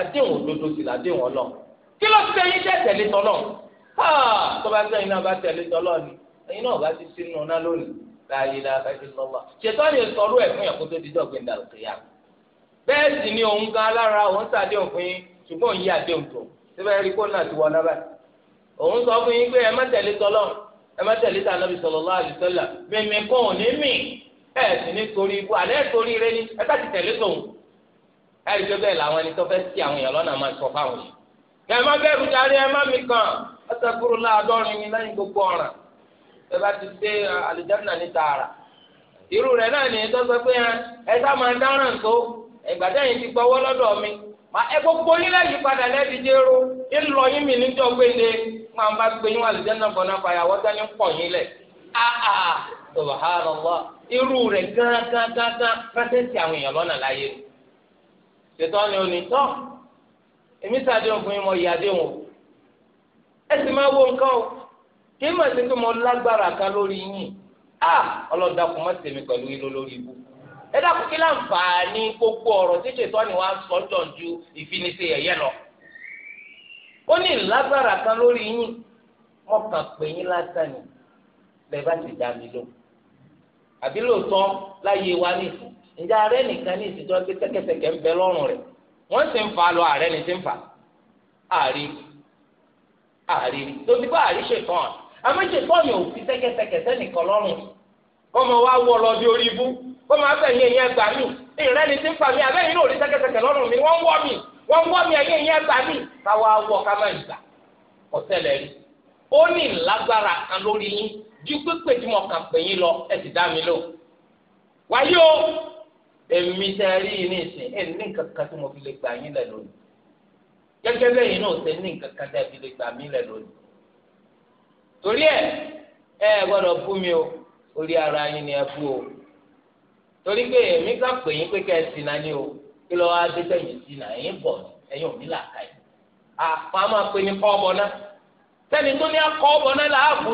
àdéhùn òdodo sì làdéhùn ọlọ́run kí ló ti tẹ̀yìn tẹ̀ tẹ̀lé tọ́lọ́ tó bá tẹ̀yìn náà bá tẹ̀lé tọ́lọ́ ni ẹ̀yin náà bá ti sínú ọ̀nà lónìí láàyè láàbá ìfẹ́ sọ́wọ́ ṣètọ́ni sọ̀rọ̀ ẹ̀ fún ẹ̀kú tó dídọ̀gbìn dàrú kìyàmù bẹ́ẹ̀ sì ni òun gan alára òun ṣàdéhùn ṣùgbọ́n òun yí àdéhùn tó síbẹ̀ rí kó náà ti wọ náà báyìí òun sọ fún yín pé ẹ má tẹ̀lé tọ́lọ́ ẹ má tẹ̀lé tà nàbì mímí kọ́ mì ẹ sì ní torí ikú àlẹ́ torí rẹ ni ẹ bá ti tẹ̀lé tòun ẹ rí bẹ́ẹ̀ làwọn ẹni tó fẹ́ sí àwọn èèyàn lọ́nà máa sọ fáwọn yìí ìgbà tẹ́yìn ti gbọ́wọ́ lọ́dọ̀ mi mà ẹ gbogbo yín lẹ́yìn padà lẹ́bi jẹ́rú ńlọ yín mi níjọ́ gbélé máa ń bá gbé yín wà lùjẹ́ náà bọ̀ náà fàyà wọ́n dání pọ̀ yín lẹ̀ áhà subhanallah irú rẹ̀ gángangangan pẹ́sẹ́ǹtì àwọn èèyàn lọ́nà láyé rẹ̀ ṣètò ọ̀nà òní tọ́ èmi sàdéhùn fún yín mo yà déhùn ẹ sì máa wo nǹkan o kí màá ṣe pé mo lágbára kan lórí yín ah ọlọ́dà kò má tèmi pẹ̀lú yín lórí ibùkún ẹ dákun kí láǹfààní gbogbo ọ̀rọ̀ tí ṣètò ni wàá sọ jọ̀ ju ìfinisẹ́ ẹ̀yẹ lọ. ó ní ìlágbára kan lórí yín mo kàn pè yín lásán ni bẹ́ẹ̀ bá ti dá mi lò. àbí lóòótọ́ láyé wa ní ìjà ààrẹ nìkan ní ìsìtọ́ pé tẹ́kẹ̀tẹ̀kẹ̀ ń bẹ lọ́rùn rẹ̀ wọ́n sì ń fa lọ ààrẹ ni ti ń fa ààrí ààrí tóbi bá ààrí ṣètọ́ àmọ́ ṣètọ́ yẹn ò fi tẹ́kẹ̀tẹ̀kẹ̀ sẹ́nìkan lọ́rùn rẹ̀ ọmọ wa wọ lọ di orí ibú ọmọ abẹ́yẹ yẹn gbà mí ìrẹ́ ni ti ń fa mí abẹ́yìn náà rí lọ́rùn mi wọ́n wọ́ mi wọ́n wọ́ mi ẹ̀yẹ yẹn gbà mí wọ ká má gbà ọ̀tẹ́lẹ̀ rí ó ní lágbára kan lórí lọ ẹ ti dá mi lò wáyé o èmi tẹ rí ní ìsìn ní nǹkan kan tí mo fi lè gbà yín lónìí gẹ́gẹ́ náà ní nǹkan kan tí a orí ara yín ni ẹ kú o torí pé èmi kà pè yín pé ẹ ni o kí lọ́wọ́ adé sí ẹ̀yìn bọ̀ ẹ̀yìn ò ní làákà yìí àpá máa pè ní kọ́ náà sẹ́ni tó ní akọ́ ọ̀bọ náà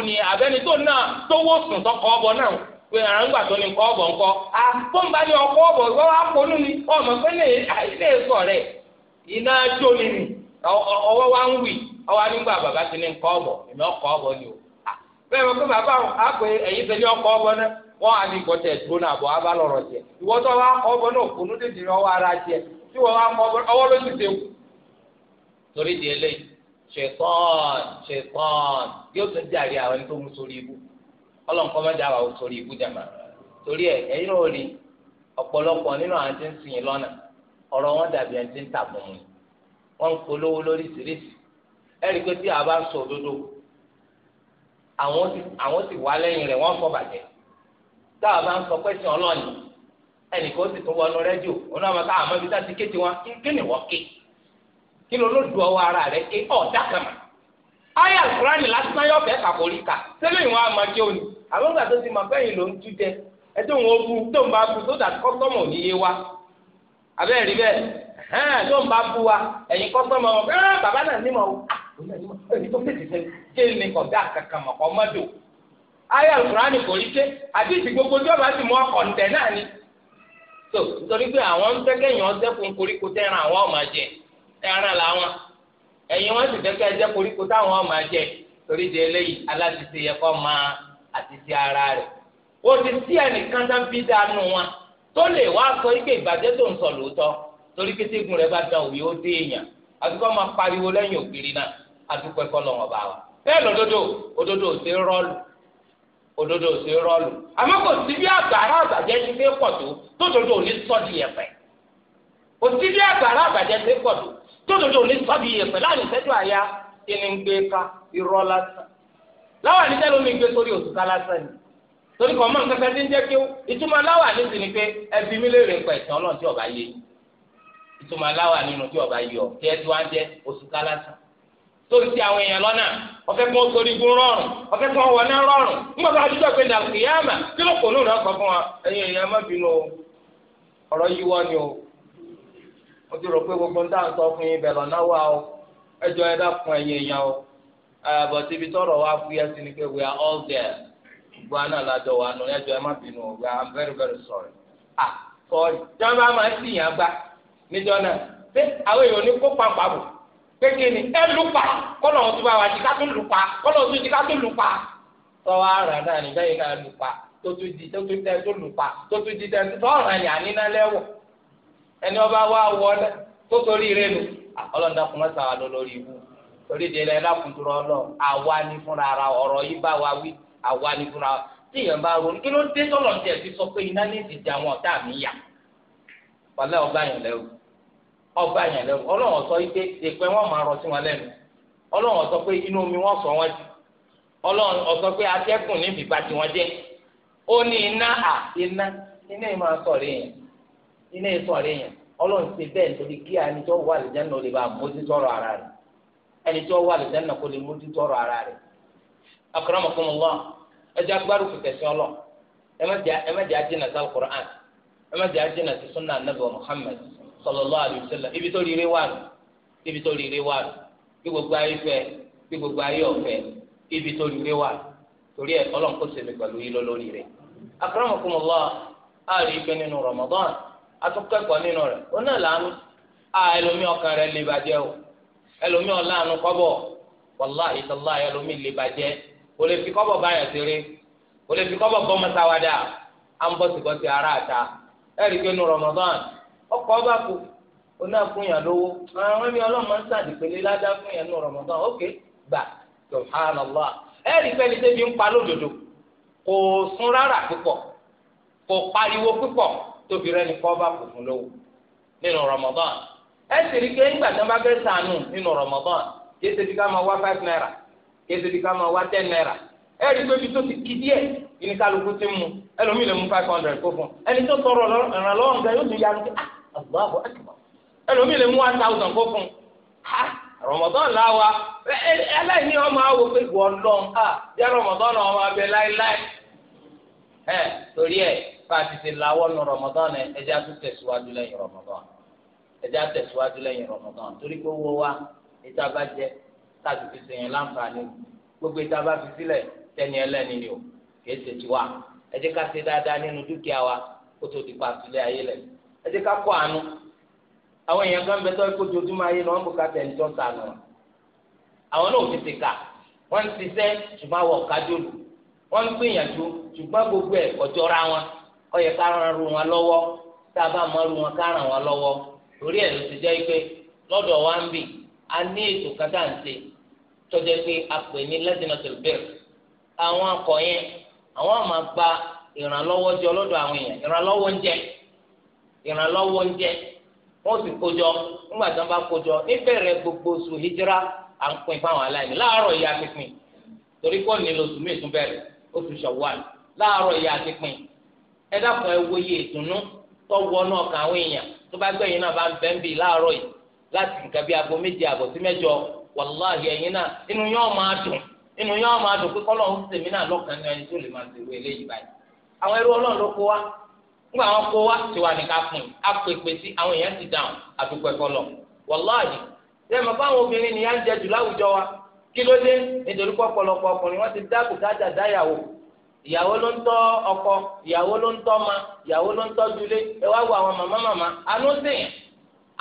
ni àbẹ́ni tó náà tó wó sùn tó kọ́ náà pé ń gbà tó ní kọ́ ńkọ́ tó ń bá ní ọkọ́ ni ọmọ pé sọ iná jó ni ọwọ́ wa ń wì ọwọ́ bẹ́ẹ̀ mọ̀ pé bàbá àwọn àpè ẹ̀yìn tẹ̀lé ọkọ̀ ọgbọ́n náà wọ́n á ní ìkọ̀tẹ̀ ìdúró náà bọ̀ abá lọ́rọ̀ jẹ ìwọ́tọ̀ wa kọ́ náà ara jẹ tí wọ́n wá kọ́ ọgbọ́n ọwọ́ ló ti torí di eléyìí ṣèkọ́ọ̀n ṣèkọ́ọ̀n yóò tún àwọn tó mú sórí ibú torí ẹ ẹ̀yin rí ọ̀pọ̀lọpọ̀ nínú àwọn tí lọ́nà ọ̀rọ̀ àwọn ti àwọn ti wà lẹ́yìn rẹ̀ wọ́n fọ́ bàjẹ́ tá a bá ń sọ pẹ́sìn ọlọ́ọ̀ni ẹnìkan ó sì tún wọnú rẹ́díò òun náà máa ká àmọ́ ibi tá a ti ké ti wọn kí ni wọ́n ké kí ló ló du ọwọ́ ara rẹ̀ ké ọ̀dà kama ayé alukurani lásán yóò fẹ́ kà kórìí kà sẹ́lẹ̀ ìwọ̀n àmọ́ kí o ní àwọn gbàtó ti máa fẹ́yìn ló ń tú jẹ ẹtọ́ wọn bu tó ń bá bu tó dà kọ́sọ́mọ̀ níye wa abẹ́ rí bẹ́ẹ̀ tó ń bá bu wa ẹ̀yin kọ́sọ́mọ̀ bàbá náà ní ma wo ah òun náà ní tó fèsì kéènì kọ̀dá kankan mọ̀ kọ́ mọ́tò ayé alukurani kò rí ké àdìsí gbogbo tí wọn bá ti mọ ọkọ̀ ntẹ̀ náà ni tó nítorí pé àwọn ń tẹ́kẹ́ yàn ọ́sẹ́kùn koríko tẹ́ran àwọn ọmọ jẹ ẹran làwọn ẹ̀yin wọn sì tẹ́kẹ́ ẹjẹ́ koríko táwọn ọmọ jẹ torí di eléyìí aláṣiṣe yẹ kọ́ máa sọ ike ìbàjẹ́ tó ń sọ lóòótọ́ torí kété gun rẹ̀ bá dán òwe ó dé èèyàn máa pariwo lẹ́yìn náà ẹ̀kọ́ lọ́wọ́ bẹ́ẹ̀ lòdodo òdodo ò sí rọ́ọ̀lù òdodo ò sí rọ́ọ̀lù àmọ́ kò sí bí àgbàrá àgbàjẹ́ ti fi pọ̀ tó tódodo ò ní sọ́ọ̀dì yẹ̀pẹ̀ kò sí bí àgbàrá àgbàjẹ́ ti pọ̀ tó tódodo ò ní sọ́ọ̀dì yẹ̀pẹ̀ láàrin ìṣẹ́jú àyà ni ń gbé ká irọ́ lásán láwọn ni torí ka mọ nǹkan tí jẹ́ kí ìtumọ̀ aláwà ní sinmi pé ọba tó ti àwọn èèyàn lọ́nà ọ̀fẹ́ kí wọ́n sori gun rọrùn ọ̀fẹ́ kí wọ́n wọná rọrùn nígbà tó adúgbò pé dàkú yá mà kí ló kò lóòrán sọ fún wa ẹ̀yin ni o mo ti rò pé kékeré ni ẹ lupa kọlọ ọtún bá wa ti ká tún lupa kọlọ ọtún ti ká tún lupa tọwọ ara náà nígbà yìí náà lupa tó tún di tó tún tẹ tó lupa tó tún di tẹ tó ọràn yà nínà lẹwọ ẹni ọba wa wọ ọ tó torí rẹ lu ọlọ́dún kò mọ́sá wa lórí ibu torí délé ẹ lákùntúrọ̀ ọlọ àwa ni fúnra ara ọ̀rọ̀ yìí bá wa wí àwa ni fúnra tí èèyàn bá ronú kí ló dé tọ́lọ̀ ní ọba yẹn lẹ́rù ọlọ́run sọ pé ìpẹ́ wọn máa rọ sí wọn lẹ́nu ọlọ́run sọ pé inú omi wọn sọ wọn sí ọlọ́run sọ pé atẹ́kùn níbi bá ti wọn jẹ́ ó ní iná à iná iná yìí máa yẹn iná yìí yẹn ti bẹ́ẹ̀ nítorí kí ẹni tó wà lè jẹ́nu lè bá mójútó ọ̀rọ̀ ara rẹ̀ ẹni tó wà lè sallallahu alaihi wasallam ibi tó rire wà nù ibi tó rire wà nù bí gbogbo ayé fẹ́ bí gbogbo ayé ọ̀fẹ́ ibi tó rire wà nù torí ẹ Ọlọ́run kó sèmi pẹ̀lú yín lórí rẹ̀ akramakumullah á rí i pé nínú Ramadan atukẹ́kọ̀ọ́ nínú rẹ̀ ó náà lànà á ẹlòmí ọkàn rẹ̀ lè bàjẹ́ o ẹlòmí ọ̀lànà kọ́bọ̀ wàláhì tàlá ẹlòmí lè bàjẹ́ kò lè fi kọ́bọ̀ báyà ṣeré kò lè fi kọ́bọ̀ bọ́ mọ́sáwádà ń bọ́ síbọ́sí ara àta ẹ̀rí pé nínú Ramadan ọkọ̀ ọba kò oná fún yàn lówó àwọn ẹni ọlọ́mọ ń sàdì ládá fún yàn ok gbà subhanallah ẹ̀rí pẹ́ni tẹ́bi ń pa lódodo kò sún rárá púpọ̀ pariwo púpọ̀ tóbi rẹ́ni kọ́ ọba kò fún lówó nínú rí naira bí ká máa naira tó ti kí díẹ̀ kálukú ti mú lè mú five hundred kó fún ẹni tó tọrọ ìrànlọ́wọ́ nǹkan yóò Allahu akbar ẹlòmíì lè mú ha Ramadan la wa aláìní ọmọ awo pé ha jẹ́ Ramadan ọmọ abẹ láéláé ẹ torí ẹ fàtí ti lawọ́ nu Ramadan ẹ ẹ jẹ́ àti tẹ̀síwájú lẹ́yìn Ramadan ẹ gbogbo ni o kì í ṣe tiwa ẹ ká ṣe dáadáa nínú dúkìá wa kó tó di pa ayé ẹ jẹ́ ká kọ́ àánú àwọn èèyàn kan bẹ tọ́ ẹ kójú ojúmọ́ ayé ni wọ́n bò ká tẹ̀ ń tọ́ sànù àwọn náà ò tètè kà wọ́n ń ṣiṣẹ́ ṣùgbọ́n àwọn ọ̀ka dòlù wọ́n ń gbìyànjú ṣùgbọ́n gbogbo ẹ̀ ọ̀jọ́ra wọn ó yẹ ru wọn lọ́wọ́ tá a bá mọ ru wọn ká wọn lọ́wọ́ torí ẹ̀ ló ti jẹ́ pé lọ́dọ̀ wa ń bì a ní ètò kan tá à ń ṣe tọ́jú pé a pè ní lẹ́sìnàtò bẹ́ẹ̀ àwọn akọ yẹn àwọn máa gba ìrànlọ́wọ́ jọ lọ́dọ̀ àwọn èèyàn ìrànlọ́wọ́ ń ìrànlọ́wọ́ oúnjẹ wọ́n sì kójọ nígbà tí wọ́n bá kójọ níbẹ̀rẹ̀ gbogbo oṣù hijira à ń pín fáwọn aláìní láàárọ̀ ìyá ti pin torí kò nílò oṣù míì tún bẹ̀rẹ̀ oṣù ṣọ̀wọ́n láàárọ̀ ìyá ti pin ẹ dákun ẹ wòye tọ́wọ́ náà bá náà bá ń bẹ́ ń bì láàárọ̀ yìí láti nǹkan bí aago méje àbọ̀ sí mẹ́jọ wàláhì náà inú yóò máa dùn inú yóò máa nígbà wọn kó wa ti wà ní ká fún yìí apèpè sí àwọn èèyàn ti dàn àdúgbò ẹ̀kọ́ lọ wàláàyè ṣé màá fáwọn obìnrin nìyà ń jẹ jù láwùjọ wa kí ló dé nítorí pọ̀pọ̀lọpọ̀ ọkùnrin wọn ti dáàbò dájà dáyàwó ìyàwó ló ń tọ́ ọkọ ìyàwó ló ń tọ́ ma ìyàwó ló ń tọ́jú ilé ẹ wá wo àwọn màmá màmá àánú sèyàn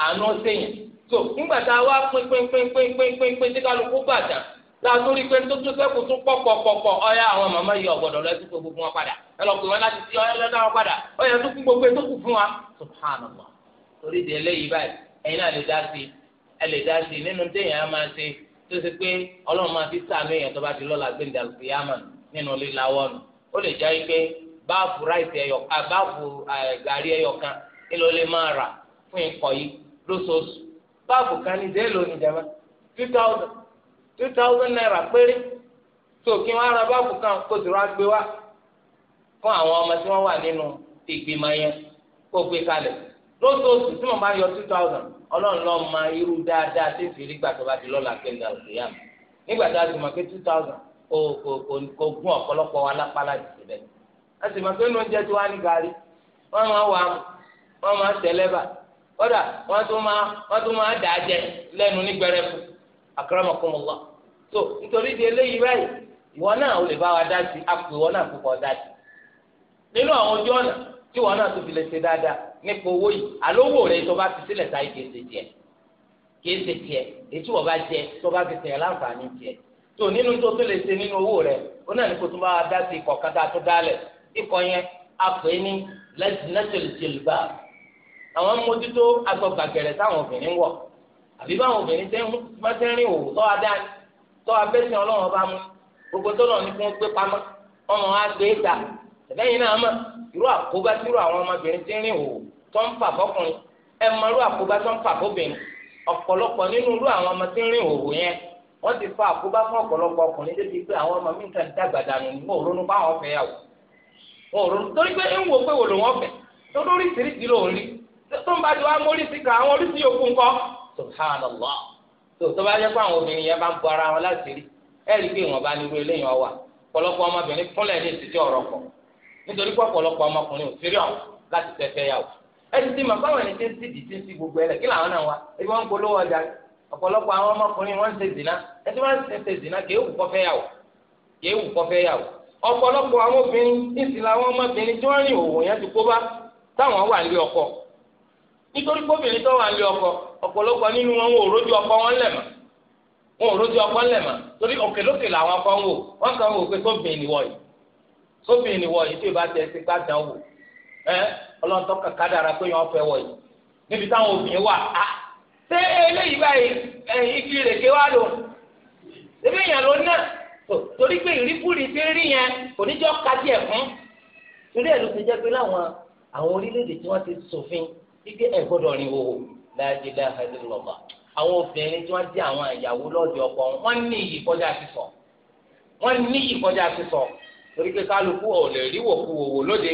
àánú sèyàn tó nígbà tá a wá pínpínpínpínpínpín tí kálukú bàjá látòrí pé tó tó sẹ́kù tún pọ̀ pọ̀ pọ̀ pọ̀ ọ̀yá àwọn màmá yìí ọ̀gbọ̀dọ̀ lọ ẹ̀sìn gbogbo wọn padà ẹ lọ pè wọn láti ti ọ̀yá lọ́dọ̀ wọn padà ọ̀yá tó kú gbogbo tó kù fún wa subhanallah torí di eléyìí báyìí ẹ̀yin náà lè dá sí ẹ lè dá sí nínú téèyàn máa ṣe tó ṣe pé ọlọ́run máa fi sàánú èèyàn tó bá ti lọ́la gbẹ̀ndà kìyàmà nínú líláwọ́ nù ó lè jẹ́ pé báàfù ráìsì ẹyọ báàfù gàrí ẹyọ kan nílò lè máa rà fún ikọ̀ yìí lóṣooṣù báàfù kan ní dé lónìí jama two two thousand naira péré tó kí ara báàbù kan kó sì rà gbé wá fún àwọn ọmọ tí wọn wà nínú ìgbìmọ̀ yẹn kó gbé kalẹ̀ lóṣooṣù tí wọ́n bá yọ two thousand lọ́ọ́ ma irú dáadáa tí ìfìrí gbà lọ́la òṣèyá mi nígbà ti pé two thousand o o gún ọ̀pọ̀lọpọ̀ wa lápá láti ṣe a sì mọ̀ pé inú oúnjẹ wà máa akramakumullah so nítorí di eléyìí báyìí ìwọ náà ò lè bá wa dá sí apò ìwọ náà kò kọ dá sí nínú àwọn ojú ọ̀nà tí ìwọ náà tó fi lè ṣe dáadáa nípa owó yìí àlówó rẹ tó bá fi sílẹ̀ sáyé kìí ṣe tiẹ̀ kìí ṣe tiẹ̀ ètí wọ́n bá jẹ tó bá fi tẹ̀yẹ̀ láǹfààní tiẹ̀ tó nínú tó tó lè ṣe nínú owó rẹ ó náà ní kó tó bá wa dá sí ikọ̀ kátà tó dálẹ̀ ikọ̀ yẹn apè ní lẹ́sìnẹ́sìlì jìlbà àwọn mójútó aṣọ gbàgẹ̀rẹ̀ táwọn obìnrin wọ̀ àbí báwọn obìnrin tẹ́ ń bá tẹ́ ń rìn òwò tọ́ adáni tọ́ abẹ́sìn ọlọ́run ọba mu gbogbo tó lọ ní kí wọ́n gbé pamọ́ ọmọ wa gbé ta ẹ̀fẹ́yìn náà mọ̀ irú àkóbá tí irú àwọn ọmọbìnrin ti ń rìn òwò tó ń fà fọkùnrin ẹ mọ irú àkóbá tó ń fà fọbìnrin ọ̀pọ̀lọpọ̀ nínú irú àwọn ọmọ tí ń rìn òwò yẹn wọ́n ti fa àkóbá fún ọ̀pọ̀lọpọ̀ ọkùnrin débi pé àwọn ọmọ mìíràn ti dàgbà dànù ní wọn ò tó ń bá ti wá mórí sí ká àwọn oríṣi yòókù ńkọ́ subhanallah tó tó bá yẹ kó àwọn obìnrin yẹn bá ń bọ ara wọn láti rí ẹ pé bá ní irú eléyìí ọwà ọ̀pọ̀lọpọ̀ ọmọbìnrin fúnlẹ̀ ní ìsìtì ọ̀rọ̀ kọ̀ nítorí pé ọ̀pọ̀lọpọ̀ ọmọkùnrin ò ọ̀hún gbogbo ẹlẹ kí làwọn náà ẹni wọn ọjà ọ̀pọ̀lọpọ̀ àwọn ọmọkùnrin wọn ń ṣe ẹni wọn ń ṣe kì ọ̀pọ̀lọpọ̀ nínú wọn wọn ò rójú ọkọ wọn lẹ̀ mọ́ wọn ò rójú ọkọ lẹ̀ mọ́ torí òkè lókè làwọn ọkọ ń wò wọn kàn wò pé sóbìn ìnìwọ̀ yìí sóbìn ìnìwọ̀ yìí tí ì bá tẹ̀ ẹ́ sí gbàdán wò ẹ́ ọlọ́tọ́ kàkádàrà pé yẹn ọ̀fẹ́ wọ̀ yìí níbi táwọn obìnrin wà á ṣé eléyìí báyìí ẹ̀yìn igi rèké wá lò ṣébí èèyàn ló ná torí pé ìríkúri ti rí yẹn kò ní jọ́ kájí ẹ̀ fún torí ẹ̀ ló ti jẹ́ pé láwọn àwọn orílẹ̀-èdè tí wọ́n ti ṣòfin ike ẹ̀ gbọ́dọ̀ rìn wòwò la ilaha illallah àwọn obìnrin tí wọ́n jẹ́ àwọn ìyàwó lọ́dọ̀ ọkọ wọn ní iyì kọjá sísọ wọ́n ní iyì kọjá sísọ torí pé kálukú ò lè rí wòkú wòwò lóde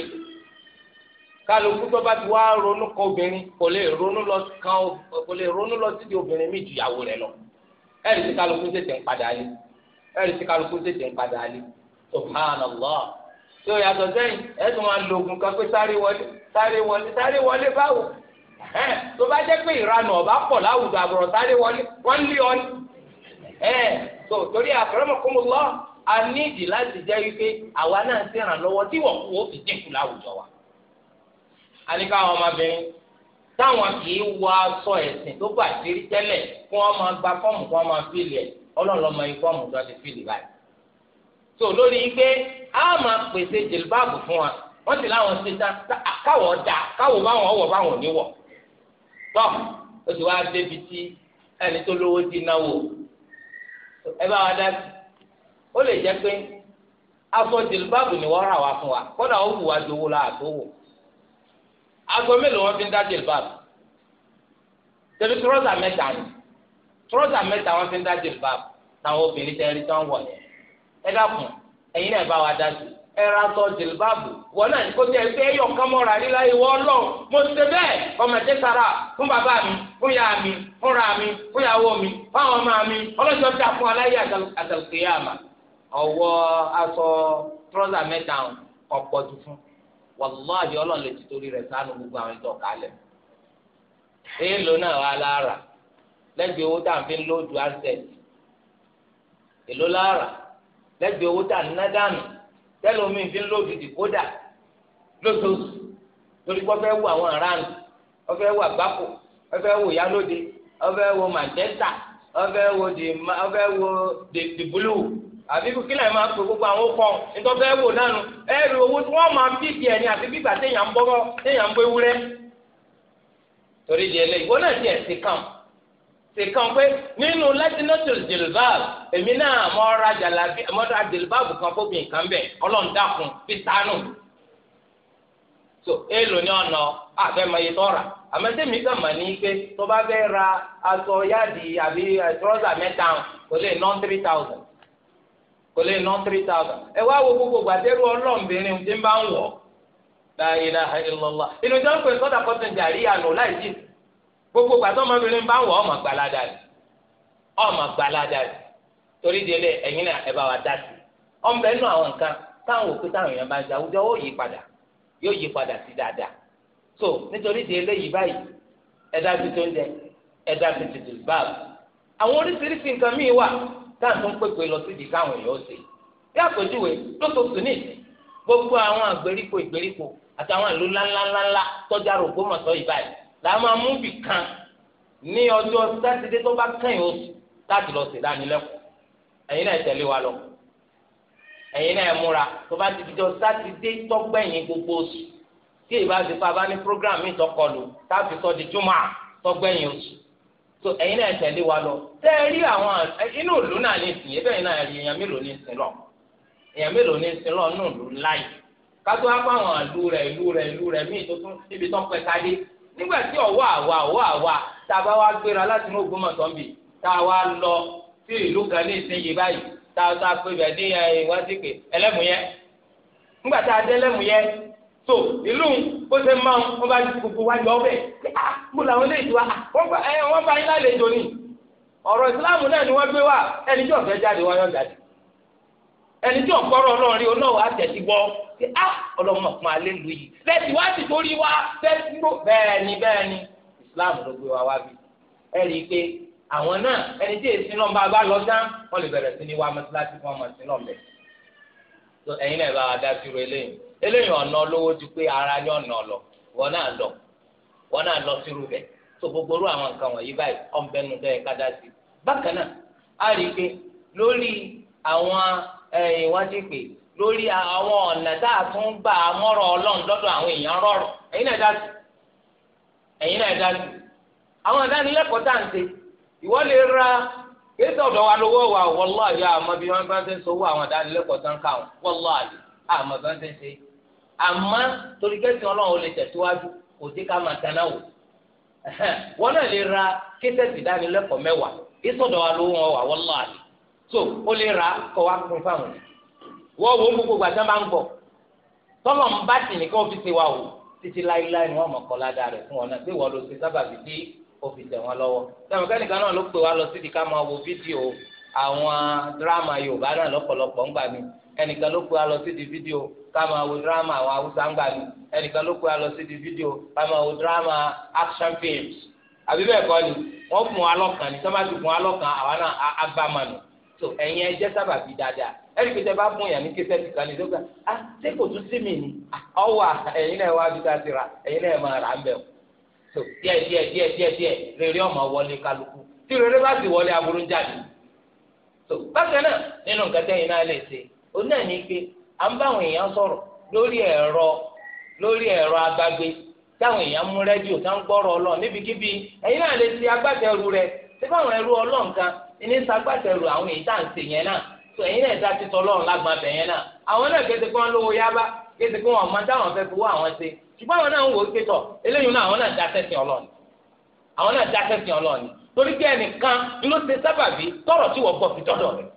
kálukú tó bá ti wá ronú kan obìnrin kò lè ronú lọ kan kò lè ronú lọ síbi obìnrin mi ju ìyàwó rẹ̀ lọ ẹ̀rí tí kálukú tètè ń padà lé ẹ̀rí tí kálukú tètè ń padà lé subhanallah tó yàtọ̀ sẹ́yìn ẹ̀sùn máa lo kan pé sáré wọlé sáré wọlé sáré wọlé báwo tó bá jẹ́ pé ìranù ọ̀bá pọ̀ láwùjọ wọ́n lé ọ ní. tó torí àfẹ́rọ́mọkùnmọ́ lọ a nídìí láti jẹ́ wípé àwa náà ti ràn lọ́wọ́ tí kú ó fi dínkù wa. ọmọbìnrin táwọn kì í wọ aṣọ ẹ̀sìn tó tẹ́lẹ̀ kí máa gba fọ́ọ̀mù kí máa ẹ̀ tó tọ́ ó sì wá débi tí ẹni tó lówó ti náwó ẹ bá wa dá sí ó lè jẹ́ pé aṣọ jìlbáàbù ni wọ́n rà wá fún wa kódà ó wù wá dowó la àtòwò aṣọ mélòó wọn fi ń dá jìlbáàbù tẹbi tírọ́sà mẹ́ta ni tírọ́sà mẹ́ta wọn fi ń dá jìlbáàbù táwọn obìnrin tẹ́rí tán wọ̀ yẹn ẹ dákun ẹ̀yin náà bá wa dá sí ẹ̀rọ sọ jìlbáàbù wọn náà kó jẹ́ pé ẹ̀yọ̀ kan rí láyé wọ́n lọ mo ṣe bẹ́ẹ̀ ọmọ ẹ̀jẹ̀ sara fún bàbá mi fún ya mi fúnra mi fún ìyàwó mi fún àwọn ọmọ mi ọlọ́jọ́ aláyé fún ti torí rẹ̀ sánú gbogbo àwọn kálẹ̀ náà wà lára lẹ́gbẹ̀ẹ́ owó tá à ń fi lóòdù lára lẹ́gbẹ̀ẹ́ owó tá à tẹlomi fi ń lòdì dìkódà lóṣooṣù torí kọ́ fẹ́ wo àwọn aráàlú wọ́n fẹ́ wo àgbákò wọ́n fẹ́ wo yálóde wọ́n fẹ́ wo Manchester wọ́n fẹ́ wo fẹ́ wo blue àbí kílẹ̀ máa pè gbogbo àwọn kọ́ nítorí fẹ́ nánu ẹ̀rù owó tí wọ́n máa bí tiẹ̀ ni àfi sèkàn pé nínú lẹ́tínọ́tò jìlbáàbù èmi náà mọ́ ra jàlábí mọ́tò àjìlbáàbù kan fóbi nǹkan bẹ̀ ọlọ́run dákun fi tánù. so èèlò ní ọ̀nà àfẹ́mọye tọ́ra àmọ́ tẹ́mi kàn mà ní pé tó bá fẹ́ ra aṣọ yáàdì àbí eh, trọ́sà mẹ́ta kò lè ná three thousand kò lè ná three thousand ẹ wá wo gbogbo gbàdérú ọlọ́ọ̀nbìnrin tí ń bá ń wọ̀ la ilaha illallah ìlú jọ́ ń pè sọ́dà kọ́tùn jàrí àná láì jí gbogbo gbàtọ́ ọmọbìnrin bá ń wọ ọmọ gbalada rẹ ọmọ gbalada rẹ torí délé ẹ̀yin náà ẹ bá wa dá sí àwọn nǹkan bá ń ṣe àwùjọ ó padà yóò yí padà sí dáadáa so nítorí délé yìí báyìí ẹ̀dá fi tó ń ẹ̀dá fi tètè àwọn oríṣiríṣi nǹkan míì wà táàtún pépè lọ káwọn èèyàn làá máa mú bì kan ní ọjọ́ sátidé tó bá kàn yín oṣù láti lọ sí ìdánilẹ́kọ̀ọ́ ẹ̀yin náà tẹ̀lé wa lọ ẹ̀yin náà múra tó bá ti dijọ́ sátidé tọ́gbẹ̀yìn gbogbo oṣù tí ìbá ti fa bá ní program mi tọkọlù táfi sọ di júmọ́ tọ́gbẹ̀yìn oṣù tó ẹ̀yin náà tẹ̀lé wa lọ tẹ́ ẹ rí àwọn inú ìlú náà ní ìsìn ebẹ́ yìí náà rí èèyàn mélòó ní ìsìn lọ èèyàn mélòó ní ìsìn lọ nù ìlú ńlá kátó wá fáwọn ìlú rẹ̀ ìlú rẹ̀ ìlú rẹ̀ míì tó tún ibi tó ń pẹ́ nígbà tí ọ̀wọ́ àwa ọ̀wọ́ àwa tá a bá wá gbéra láti inú bì tá a wá lọ sí ìlú kan ní ìsinyìí báyìí tá a tá a pé so ìlú bó ṣe máa ń bá gbogbo wa yọ ọbẹ ah, mo làwọn lè jù wa bá yín lálejò ni ọ̀rọ̀ náà ni wọ́n gbé ẹni tí ọ̀pọ̀rọ̀ náà rí onáwó àtẹ̀sí gbọ́ ṣe á ọlọ́mọ kan alẹ́ lu yìí lẹ́sì wá sì torí wá sẹ́sì gbó bẹ́ẹ̀ ni bẹ́ẹ̀ ni Islam ló gbé wa wá bí ẹ rí i pé àwọn náà ẹni tí èsì náà bá bá lọ dán wọn lè bẹ̀rẹ̀ sí ní wá mọ́tíláṣí fún ọmọ sí náà bẹ̀. so ẹ̀yin náà bá wa dá sí ro eléyìí eléyìí ọ̀nà olówó ti pé ara ní ọ̀nà ọ̀lọ́ wọn náà lọ wọn náà lọ sí ru bẹ̀ so gbogbo ru àwọn nǹkan wọ̀nyí báyìí ọ̀nbẹ́nu dẹ́ ká dá sí. bákan náà a rí i pé lórí àwọn ẹ̀yìn wá sí lórí àwọn ọ̀nà tá a tún gbà mọ́rọ̀ ọlọ́run lọ́dọ̀ àwọn èèyàn rọrùn ẹ̀yin náà dájú ẹ̀yin náà dájú àwọn tá à ń ṣe ìwọ lè ra kéésì ọ̀dọ̀ wa lówó wa wọláhì àmọ́ bí wọ́n bá ń ṣe ń sowó àwọn ìdánilẹ́kọ̀ọ́ tá ń kà wọ́n wọláhì àmọ́ bí wọ́n ṣe ń ṣe àmọ́ torí kẹ́sì ọlọ́run lè tẹ̀síwájú kò sí ká máa tẹ̀lé wò so ó lè rà kọ wá pin fáwọn wọ́n wo gbogbo gbàtà máa ń bọ̀ tọ́lọ̀ ń bá tì ní kí wọ́n fi ṣe wa o títí láéláé ni wọ́n mọ̀ kọ́ ládàá rẹ̀ fún wọn náà pé wọ́n ló ṣe sábàbí dé òfin tẹ̀ wọ́n lọ́wọ́ sẹ́wọ̀n kẹ́nìkan náà ló pè wá lọ síbi ká máa wo fídíò àwọn dírámà yorùbá náà lọ́pọ̀lọpọ̀ ńgbà mi ẹnìkan ló pè wá lọ síbi fídíò ká máa wo dírámà àwọn haúsá ńgbà mi ẹnìkan ló pè wá lọ síbi fídíò ká máa wo dírámà action films àbí bẹ́ẹ̀ kọ́ ni wọ́n fún wa lọ́kàn ni sábà ti fún wa lọ́kàn àwa náà agbámanù so ẹ̀yin ẹjẹ́ sábà bí dáadáa ẹ̀rí tẹ bá fún yàn ní kẹsẹ́tì kan ní lọ́gbà á ah, ṣé kò tún sí mi ni ah, ẹ̀yin náà wá ká ti ra ẹ̀yin náà máa rà á bẹ̀ díẹ̀ díẹ̀ díẹ̀ díẹ̀ díẹ̀ ọmọ wọlé kálukú tí bá sì wọlé aburú ń jáde bákan nínú nǹkan tẹ́yìn náà lè ṣe òun náà ní pé à ń lórí ẹ̀rọ lórí ẹ̀rọ agbágbé ìní sagbátẹrù àwọn èyí tá à ń ṣe yẹn náà tó ẹ̀yin náà dá títọ́ lọ́rùn lágbàbẹ̀ yẹn náà àwọn náà kété kí wọ́n lówó yábá kété kí wọ́n máa dáhùn fẹ́ fowó àwọn ṣe ṣùgbọ́n àwọn náà ń wò ó pétọ̀ eléyìí náà àwọn náà dá sẹ́sìn ọlọ́ọ̀ni àwọn náà dá sẹ́sìn ọlọ́ọ̀ni torí pé ẹnìkan ló ṣe sábàbí tọrọ tí wọ́n gbọ́ fi tọ́dọ̀ rẹ̀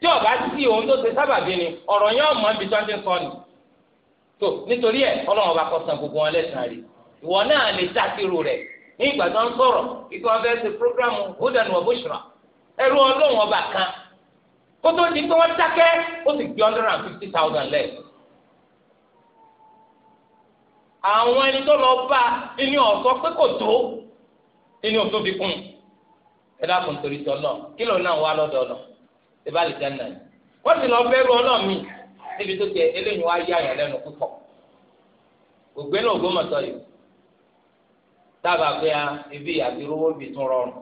tí ọ̀gá sí òun tó ṣe sábàbí ni ọ̀rọ̀ yẹn ọ̀mọ́ ibi tó ń sọ ni tó nítorí ẹ̀ ọlọ́run ọba kọsàn gbogbo wọn lẹ́sàn-án rẹ̀ ìwọ náà lè dá sírù rẹ̀ ní ìgbà tó ń sọ̀rọ̀ ikú wọn fẹ́ẹ́ ṣe programu hudan wa bushra ẹrú ọlọ́run ọba kan kó tó di pé wọ́n dákẹ́ ó sì gbé hundred and fifty thousand lẹ́ẹ̀. àwọn ẹni tó lọ bá inú ọ̀sọ́ pé kò tó inú ọ̀sọ́ fi kún ẹ dákun torí tọ́ náà kí ló náà wá lọ́dọ̀ náà ṣe bá lè jẹ́ náà wọ́n sì lọ bẹ́ẹ̀ rú ọlọ́ọ̀ mi níbi tó tẹ eléyìí wá yá yàn lẹ́nu púpọ̀ ògbé náà ògbómọ̀tọ́ yìí sábà pé a ibi àti rówó bì tún rọrùn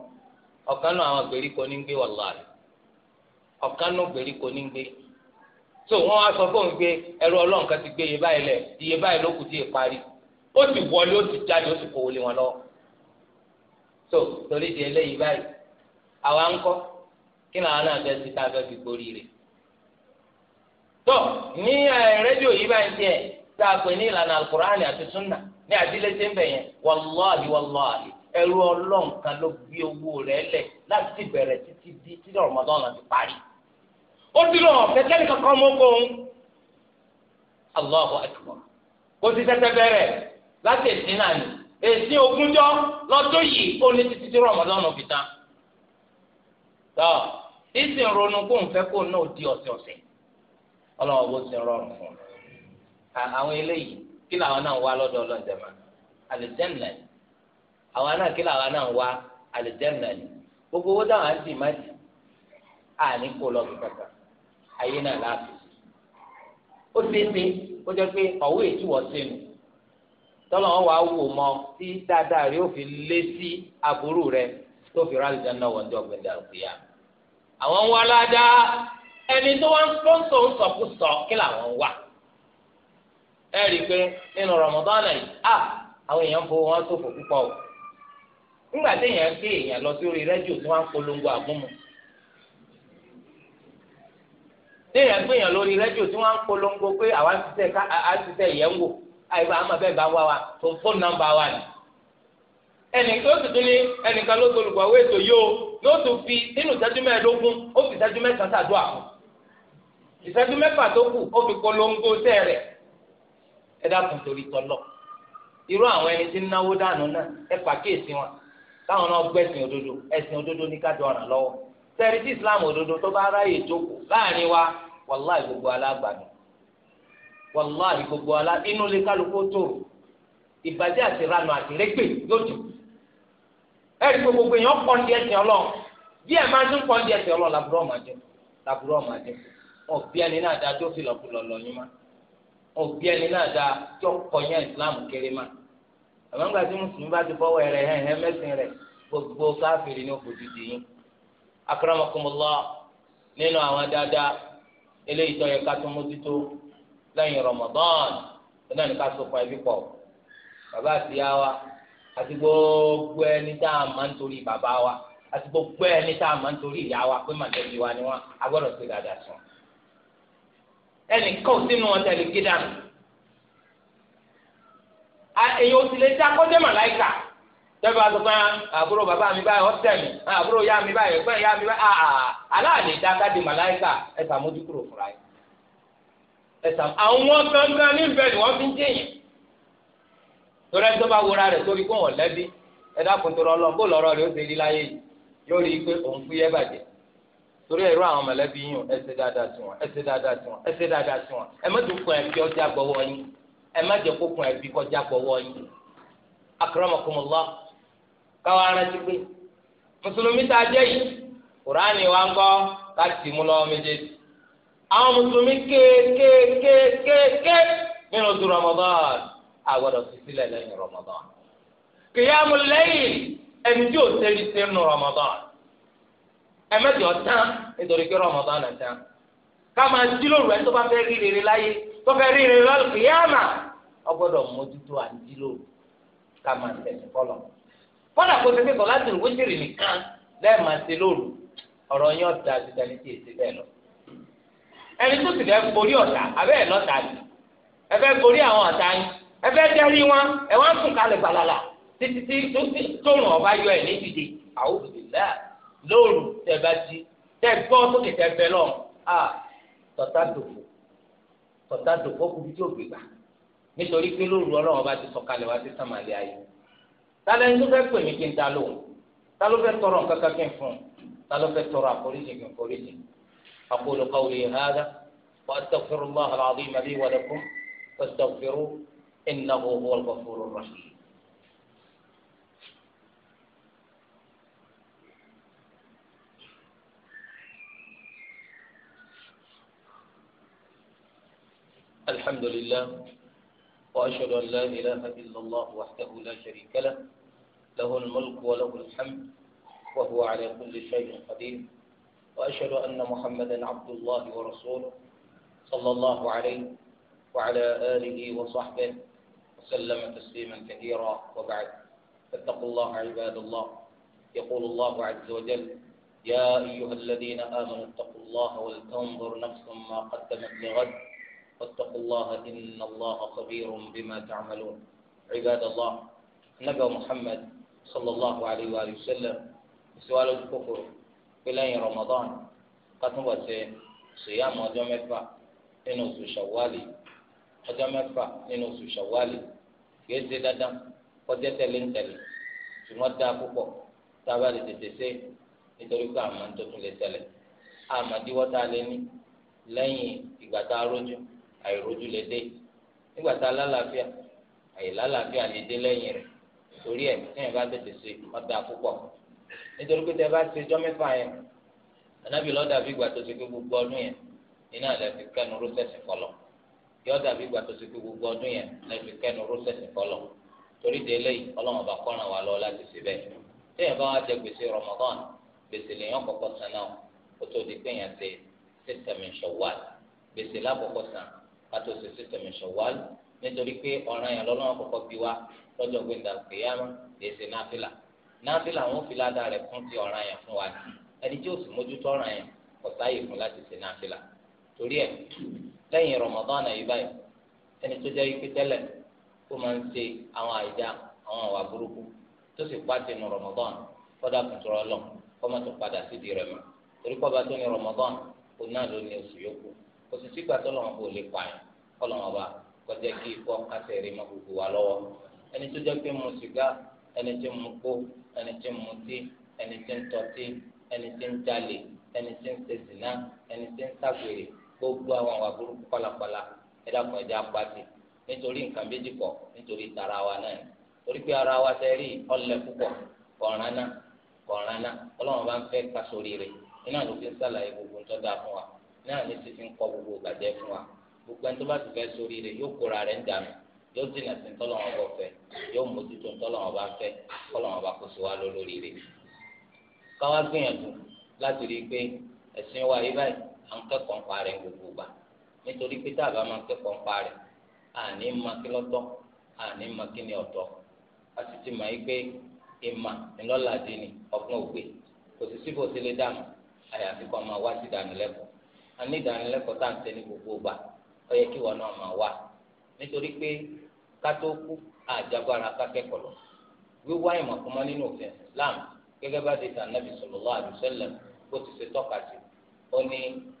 ọ̀kan náà àwọn gbèríko ní gbé wàláhì ọ̀kan náà gbèríko ní gbé so wọn wá sọ fóun pé ẹrú Ọlọ́run kan ti gbé iye báyìí lẹ iye báyìí ló kù tí ì parí ó sì wọlé ó ti jáde ó ti kó wọlé wọn lọ so torí di eléyìí báyìí àwa ń náà fẹ́ a fi tó ní eh, rédíò yìí báyìí tiẹ̀ tá a pè ní ní àdílé tí ń bẹ̀ yẹn wàláhi wàláhi ẹrú ọlọ́run kan ló gbé owó rẹ̀ lẹ̀ láti bẹ̀rẹ̀ títí di títí Ramadan ti parí. ó ti lọ ọ̀fẹ́ kẹ́lí kankan mọ́ kó ń. láti èsì náà ni èsì ogúnjọ́ ó ní títí tí fi tán. ronú kó ń fẹ́ kó náà di ọ̀sẹ̀ ọ̀sẹ̀ kí làwọn náà wá lọ́dọ̀ ọlọ́ọ̀dẹ̀mà àlùjẹ́nà ni àwọn náà kí làwọn náà wá àlùjẹ́nà ni gbogbo owó táwọn á sì má jì á ní kó lọ sí kàkà ayé náà láàbù ó tẹ́tẹ́ ó jẹ́ pé ọ̀wé ìtúwọ̀ sẹ́nu tọ́lọ̀ wọn wàá wò mọ́ tí dáadáa rẹ ó lé sí aburú rẹ tó fi rà àlùjẹ́nà wọ̀ ní ọ̀gbìn dàrúkìyà àwọn wọn ládàá ẹni tó wá ń pọ́ńsọ̀ ń sọ̀kú sọ kí làwọn wà. ẹ rí i pé nínú rọmọdọ́nà yìí à àwọn èèyàn fo wọn ṣòfò púpọ̀ o nígbà téèyàn ké èèyàn lọ sórí rédíò tí wọ́n ń polongo àgúnmu téèyàn gbéyàn lórí tí ń polongo pé àwa ti ká a ti bẹ́ẹ̀ bá wá wa tó fóònù wa ni o yóò tún fi nínú ìṣẹ́jú mẹ́ẹ̀ẹ́dógún ó fi ìṣẹ́jú fi polongo ẹ dákun torí tọlọ irú àwọn ẹni tí ń náwó dànù náà ẹ pàkíyèsí wọn táwọn náà gbẹ̀sìn òdodo ẹ̀sìn òdodo ní kájọ ọ̀ràn lọ́wọ́ sẹ́rí tí islam òdodo tó bá ráyè jókòó láàrin wa wàláì gbogbo alágbàdo wàláì gbogbo alá inú lè kálukú tòrò ìbàjẹ́ àti ìranù àti rẹ́gbẹ̀ lójú ẹ̀rí pé gbogbo èèyàn pọ̀ ní ẹ̀sìn ọlọ́run bí ẹ̀ máa tún ní làbúrò làbúrò bí ẹni náà máa. òbí ẹni náà dáa tí ó kọyán ìsìláàmù kéré má àmọ́ nígbà tí mùsùlùmí bá ti fọwọ́ rẹ̀ hẹ́hẹ́ mẹ́sìn rẹ̀ gbogbo káfíìrì ní òkòtù dìyín akramakumullah nínú àwọn dáadáa eléyìí tó yẹ ká tó mójútó lẹ́yìn ni ká ẹbí pọ̀ bàbá àtìyá wa àti gbogbo ẹni tá a máa ń torí wa àti gbogbo ẹni tá a máa ń torí ìyá wa pé wa ẹnì kan sínú ọ̀tẹ̀ lè gé dànù èyí ò sì lè dá kọ́jẹ́ màláìkà tẹ́lifà tó fẹ́ ah, àbúrò bàbá mi báyìí ọ̀tẹ̀ mi ah, àbúrò yá mi báyìí ẹ̀gbọ́n yá mi báyìí ah, aláàlè dá káde màláìkà ẹ̀ sàmójú kúrò fúnra yìí ẹsàn àwọn gangan níbẹ̀ ni wọ́n fi ń jẹ̀yìn torí ẹni tó bá wúra rẹ̀ sórí kó wọ́n lẹ́bi ẹ̀dá kùtùrọ̀ ọlọ́run bó lọ́rọ̀ rẹ̀ ó ṣe rí láyé yìí yóò rí i pé torí ẹ̀rọ àwọn mọ̀lẹ́bí yín ẹ ṣe dáadáa sí wọn ẹ ṣe dáadáa sí wọn ẹ ṣe dáadáa sí a yìí kùránì wa ń láti mú méjèèjì. àwọn mùsùlùmí kéékéékéékéé nínú oṣù kìyàmù ẹ̀mẹ́jọ tán nítorí pé Ramadan náà tán ká máa jílòrò ẹ tó bá fẹ́ rí rere láyé tó fẹ́ rí rere lọ́lùkì yáàmà ọgbọ́dọ̀ mójútó à ń jílòrò ká máa tẹ̀sí fọlọ́ kọ́dà kó sẹ́kẹ́ kọ́ láti rúkú jìrì nìkan lẹ́ẹ̀ máa ṣe lóru ọ̀rọ̀ yẹn ọ̀tá ti dání tí èsì bẹ́ẹ̀ lọ. ẹni tó sì fẹ́ gborí ọ̀tá abẹ́ ẹ̀ lọ́tà ni ẹ fẹ́ gborí àwọn ọ̀tá yín ẹ fẹ́ dẹ́rí wọn ẹ wá ń sùn kalẹ̀ gbalala títí tí tóun ọba yọ ẹ̀ ní dìde àwọn òbí lẹ́yà lóòrù tẹ bá jí tẹ gbọ́ sókè tẹ bẹ lọ a tọ́tà dòfò tọ́tà dòfò kúbi tí o gbé gbà nítorí pé lóòrù ọlọ́run bá ti sọ̀kalẹ̀ wá sí sàmàlẹ́ ayé tálẹ́ ní tó fẹ́ pè mí kí n dá lóhùn tá ló fẹ́ tọrọ nǹkan kan kí n fún un tá ló fẹ́ tọrọ àforíjì kí n foríjì aqulu qawli hadha wa astaghfirullaha al-azim li wa lakum fastaghfiruhu innahu huwal ghafurur rahim. الحمد لله وأشهد أن لا إله إلا الله وحده لا شريك له له الملك وله الحمد وهو على كل شيء قدير وأشهد أن محمدا عبد الله ورسوله صلى الله عليه وعلى آله وصحبه وسلم تسليما كثيرا وبعد فاتقوا الله عباد الله يقول الله عز وجل يا أيها الذين آمنوا اتقوا الله ولتنظر نفس ما قدمت لغد واتقوا الله إن الله خبير بما تعملون عباد الله نبي محمد صلى الله عليه وآله وسلم سؤال الكفر في لين رمضان قد نوسي صيام وجمع nínú oṣù ṣàwálì ọjọ́ mẹ́fà nínú oṣù ṣàwálì kìí ṣe dandan kọjá tẹ̀lé ń tẹ̀lé ṣùgbọ́n dáa púpọ̀ tábà lè tètè ṣe nítorí pé àmọ́ tó tún lè tẹ̀lé àmọ́ díwọ́ tá a lè ní lẹ́yìn ìgbà tá a rójú àìrójú lè dé nígbà tá a lálàáfíà àìlálàáfíà lè dé lẹ́yìn rẹ̀ torí ẹ̀ tẹ́yìn bá tètè ṣe ọ̀dà púpọ̀ nítorí pé tẹ́ bá ṣe jọ́ mẹ́fà yẹn ànábì lọ́dà bí ìgbà tó ṣe pé gbogbo ọdún yẹn iná lẹ́ fi kẹ́nu rọ́sẹ̀sì kọlọ̀ yọ́dà bí ìgbà tó ṣe pé gbogbo ọdún yẹn lẹ́ fi kẹ́nu rọ́sẹ̀sì kọlọ̀ torí de eléyìí ọlọ́run bá kọ́ràn wá lọ láti ṣe bẹ́ẹ̀ tẹ́yìn bá wá jẹ gbèsè Ramadan gbèsè lèyàn kọ́kọ́ san náà kó tó di pé yẹn ṣe sẹ́tẹ̀mì Shawwal gbèsè lákọ̀ọ́kọ́ san kátó sèse tẹ̀mẹ̀ ṣọ̀wáàlì nítorí pé ọ̀ràn yẹn lọ́nà kọ̀kọ́ bí wa lọ́jọ́ gbẹ̀ndà kéyàmá lèsè náfìlà náfìlà wọn fi ládàá rẹ̀ fún ti ọ̀ràn yẹn fún wa ni ẹni tí ó sì mójútó ọ̀ràn yẹn kò sáàyè fún láti ṣe náfìlà torí ẹ̀ lẹ́yìn Ramadan yìí báyìí ẹni tó jẹ́ ikú tẹ́lẹ̀ ó máa ń ṣe àwọn àìdá àwọn àwà burúkú tó sì pàṣẹ nu Ramadan kọ́dà kùtùrọ̀ lọ kọ́mọ tó padà sídìí rẹ̀ mọ́ torí kọ́ba tó ní Ramadan òun náà ló ní oṣù yòókù oṣù sígbà lọ́wọ́ kó lè pààyàn kọlọmọba kọjá kí ikú ọkàtẹ rí mọ gbogbo wa lọ́wọ́ ẹni tó jẹ pé mu sìgá ẹni tí mu kó ẹni tí mu tí ẹni tí ń tọ́tí ẹni tí ń jalè ẹni tí ń ṣe zìnà ẹni tí ń ṣàgbèrè gbogbo àwọn àwọn burúkú pálapàla ẹ dákun ẹjẹ apáti nítorí nǹkan méjì pọ̀ nítorí tara wa náà torí pé ara wa tẹ rí ọlẹ púpọ̀ kọ̀ọ̀ránná kọ̀ọ̀ránná ọlọ́run ń fẹ́ ká sórí iná ló fi ń sàlàyé gbogbo ń tọ́ da fún wa náà ní ti fi ń kọ́ gbogbo ìbàjẹ́ fún wa gbogbo ẹni tó bá ti fẹ́ sórí rẹ̀ yóò kóra rẹ̀ ń dànù yóò dènà sí ntọ́lọ́wọ́n bọ̀ fẹ́ yóò mójútó ntọ́lọ́wọ́n bá fẹ́ kọ́lọ́wọ́n bá kó sí wa lórí rẹ̀. káwá gbìyànjú láti rí i pé ẹ̀sìn wa yí báyìí à ń kẹ́kọ̀ọ́ ńpa rẹ̀ gbogbo gbà nítorí pé tá a bá máa kẹ́kọ̀ọ́ ńpa rẹ̀ àní ma kí lọ́tọ̀ àní ma kí ni ọ̀tọ̀ a sì ti mọ̀ yí pé ìmà ńlọ́ládé ni ọ̀gbọ́n ògbé kò sì síbò sílé dànù àyàfi kọ́ máa wá sí ó yẹ kí wọn náà máa wà nítorí pé ká tó kú àjàgbára kákẹ́kọ̀ọ́ lọ wíwá ìmọ̀kúnmọ́ nínú òfin Islam gẹ́gẹ́ bá ti tàn nàbì sallallahu alaihi wasallam bó ti ṣe tọ́ka sí ó ní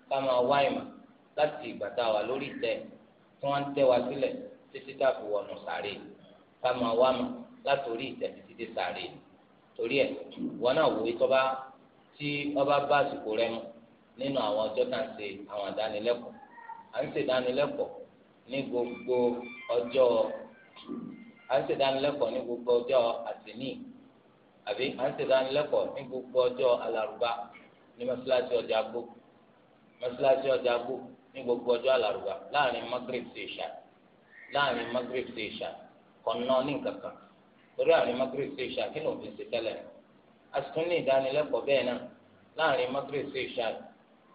ká máa wá ìmọ̀ láti ìgbà tá a wà lórí ìtẹ́ tí wọ́n ń tẹ́ wa sílẹ̀ títí tá a fi wọnú sàárè ká máa wá mọ̀ láti orí ìtẹ́ títí dé sàárè torí ẹ̀ wọn náà wòye tí ọba bá àsìkò rẹ mu nínú àwọn ọjọ́ tá àwọn àdánilẹ́kọ̀ọ́ à ń ṣèdánilẹ́kọ̀ọ́ ní gbogbo ọjọ́ à ń ṣèdánilẹ́kọ̀ọ́ ní gbogbo ọjọ́ àtìní àbí à ń ṣèdánilẹ́kọ̀ọ́ ní gbogbo ọjọ́ alárùbá ní mọ́ṣáláṣí ọjà gbó mọ́ṣáláṣí ọjà gbó ní gbogbo ọjọ́ alárùbá láàrin magreth sí ìṣà láàrin magreth sí ìṣà kọ̀nà ní nǹkankan torí àárín magreth sí ìṣà kí ni òfin ṣe tẹ́lẹ̀ a sì tún ní ìdánilẹ́kọ̀ọ́ bẹ́ẹ̀ náà láàrin magreth sí ìṣà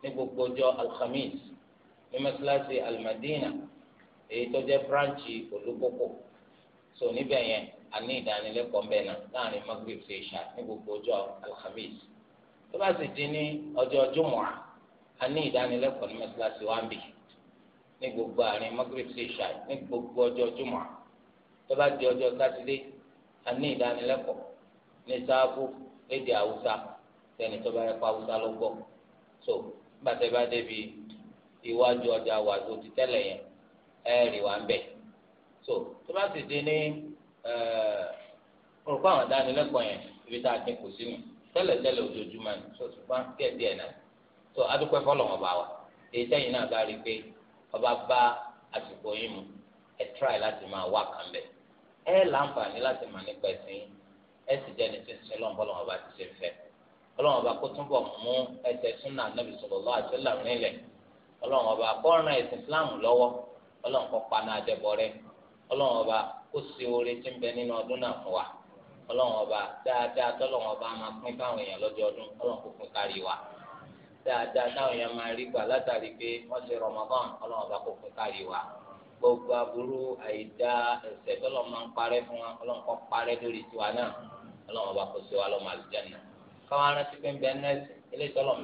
ní gbogbo ọjọ́ alhamis ní mọ́sálásí alimadina èyí tó jẹ́ branchi olúkókò so níbẹ̀ yẹn a ní ìdánilẹ́kọ̀ọ́ mbẹ́ náà láàrin magreth ṣe ṣá ní gbogbo ọjọ́ alhamis tó bá sì di ní ọjọ́ jumua a ní ìdánilẹ́kọ̀ọ́ ní mọ́sálásí wa ń bì ní gbogbo àárín magreth ṣe ṣá ní gbogbo ọjọ́ jumua tó bá di ọjọ́ sátidé a ní ìdánilẹ́kọ̀ọ́ ní sáàbù lédè haúsá tẹni tó bá yẹ kó haúsá ló gbọ́ so bàtẹ́ bá débi iwájú ọjà wà tó ti tẹ́lẹ̀ yẹn ẹ rí wa ń bẹ̀. so tó bá sì di ní orúkọ àwọn ìdánilẹ́kọ̀ọ́ yẹn ibi tá a dín kù sínú tẹ́lẹ̀tẹ́lẹ̀ ojoojúmọ́ ni so ṣùgbọ́n díẹ̀ díẹ̀ náà so adúpẹ́ fọlọ́wọ́n bá wa èyí tẹ́yìn náà bá rí i pé ọba bá àsìkò yín mu ẹ tíráì láti máa wá kàn bẹ̀ ẹ láǹfààní láti máa nípa ẹ̀sìn ẹ sì jẹ́ ẹni tí ń sin lọ́n bọ́lọ́wọ́n bá ti ṣe fẹ́ ọlọ́wọ́n bá kó túnbọ̀ mú ẹsẹ̀ súnà anábì sallallahu alaihi wasallam ọlọ́run ọba kọ́ran ẹ̀sìn islam lọ́wọ́ ọlọ́run kọ́ paná àjẹbọ rẹ ọlọ́run ọba kó ṣe oore tí ń bẹ nínú ọdún náà fún wa ọlọ́run ọba dáadáa tọ́lọ́run ọba máa pín fáwọn èèyàn lọ́jọ́ ọdún ọlọ́run kò pín kárí wa dáadáa táwọn èèyàn máa rí gbà látàrí pé wọ́n ṣe Ramadan ọlọ́run ọba kò pín kárí wa gbogbo aburú àìdá ẹ̀ṣẹ̀ tọ́lọ́ máa ń parẹ́ fún wa ọlọ́run kọ́ parẹ́ lórí tiwa náà ọlọ́run ọba kò ṣe wa lọ́mọ àlùjánnà káwọn aránsí pé ń bẹ nẹ́ẹ̀sì ilé ìtọ́lọ̀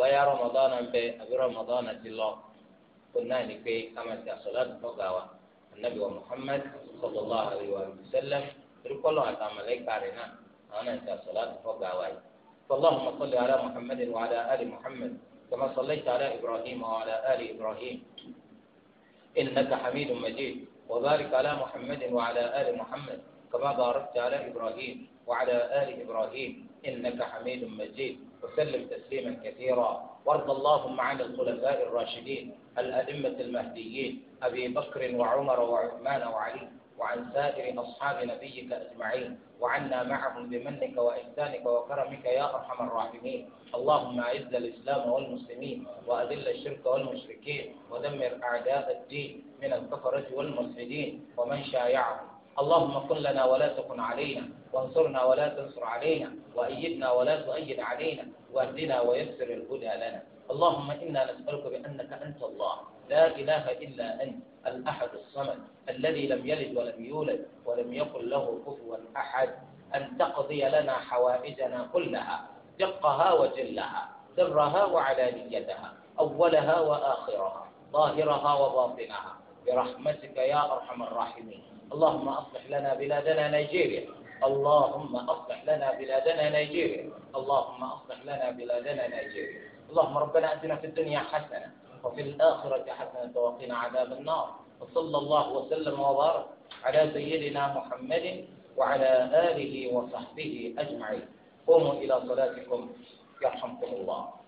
bóyá rọmọdọ́nà ń bẹ àbí rọmọdọ́nà ti lọ kó náà ní pé kámẹ́tì àsọ̀láàtì fọ́gà wa anabi wa muhammad sallallahu alayhi wa sallam erikọ́lọ́ àtàmọ̀lẹ́kà rẹ̀ náà àwọn náà ti tó fọ́gà wa yìí. ará muhammed wà فاللهم صل على محمد وعلى آل محمد كما صليت على إبراهيم وعلى آل إبراهيم إنك حميد ará وبارك على محمد وعلى آل محمد كما باركت على إبراهيم وعلى آل إبراهيم إنك hamidu مجيد وسلم تسليما كثيرا وارض اللهم عن الخلفاء الراشدين الأئمة المهديين أبي بكر وعمر وعثمان وعلي وعن سائر أصحاب نبيك أجمعين وعنا معهم بمنك وإحسانك وكرمك يا أرحم الراحمين اللهم أعز الإسلام والمسلمين وأذل الشرك والمشركين ودمر أعداء الدين من الكفرة والملحدين ومن شايعهم اللهم كن لنا ولا تكن علينا وانصرنا ولا تنصر علينا وأيدنا ولا تؤيد علينا واهدنا ويسر الهدى لنا اللهم إنا نسألك بأنك أنت الله لا إله إلا أنت الأحد الصمد الذي لم يلد ولم يولد ولم يكن له كفوا أحد أن تقضي لنا حوائجنا كلها دقها وجلها سرها وعلانيتها أولها وآخرها ظاهرها وباطنها برحمتك يا أرحم الراحمين اللهم أصلح لنا بلادنا نيجيريا اللهم أصلح لنا بلادنا نيجيريا اللهم أصلح لنا بلادنا نيجيريا اللهم ربنا أتنا في الدنيا حسنة وفي الآخرة حسنة وقنا عذاب النار وصلى الله وسلم وبارك على سيدنا محمد وعلى آله وصحبه أجمعين قوموا إلى صلاتكم يرحمكم الله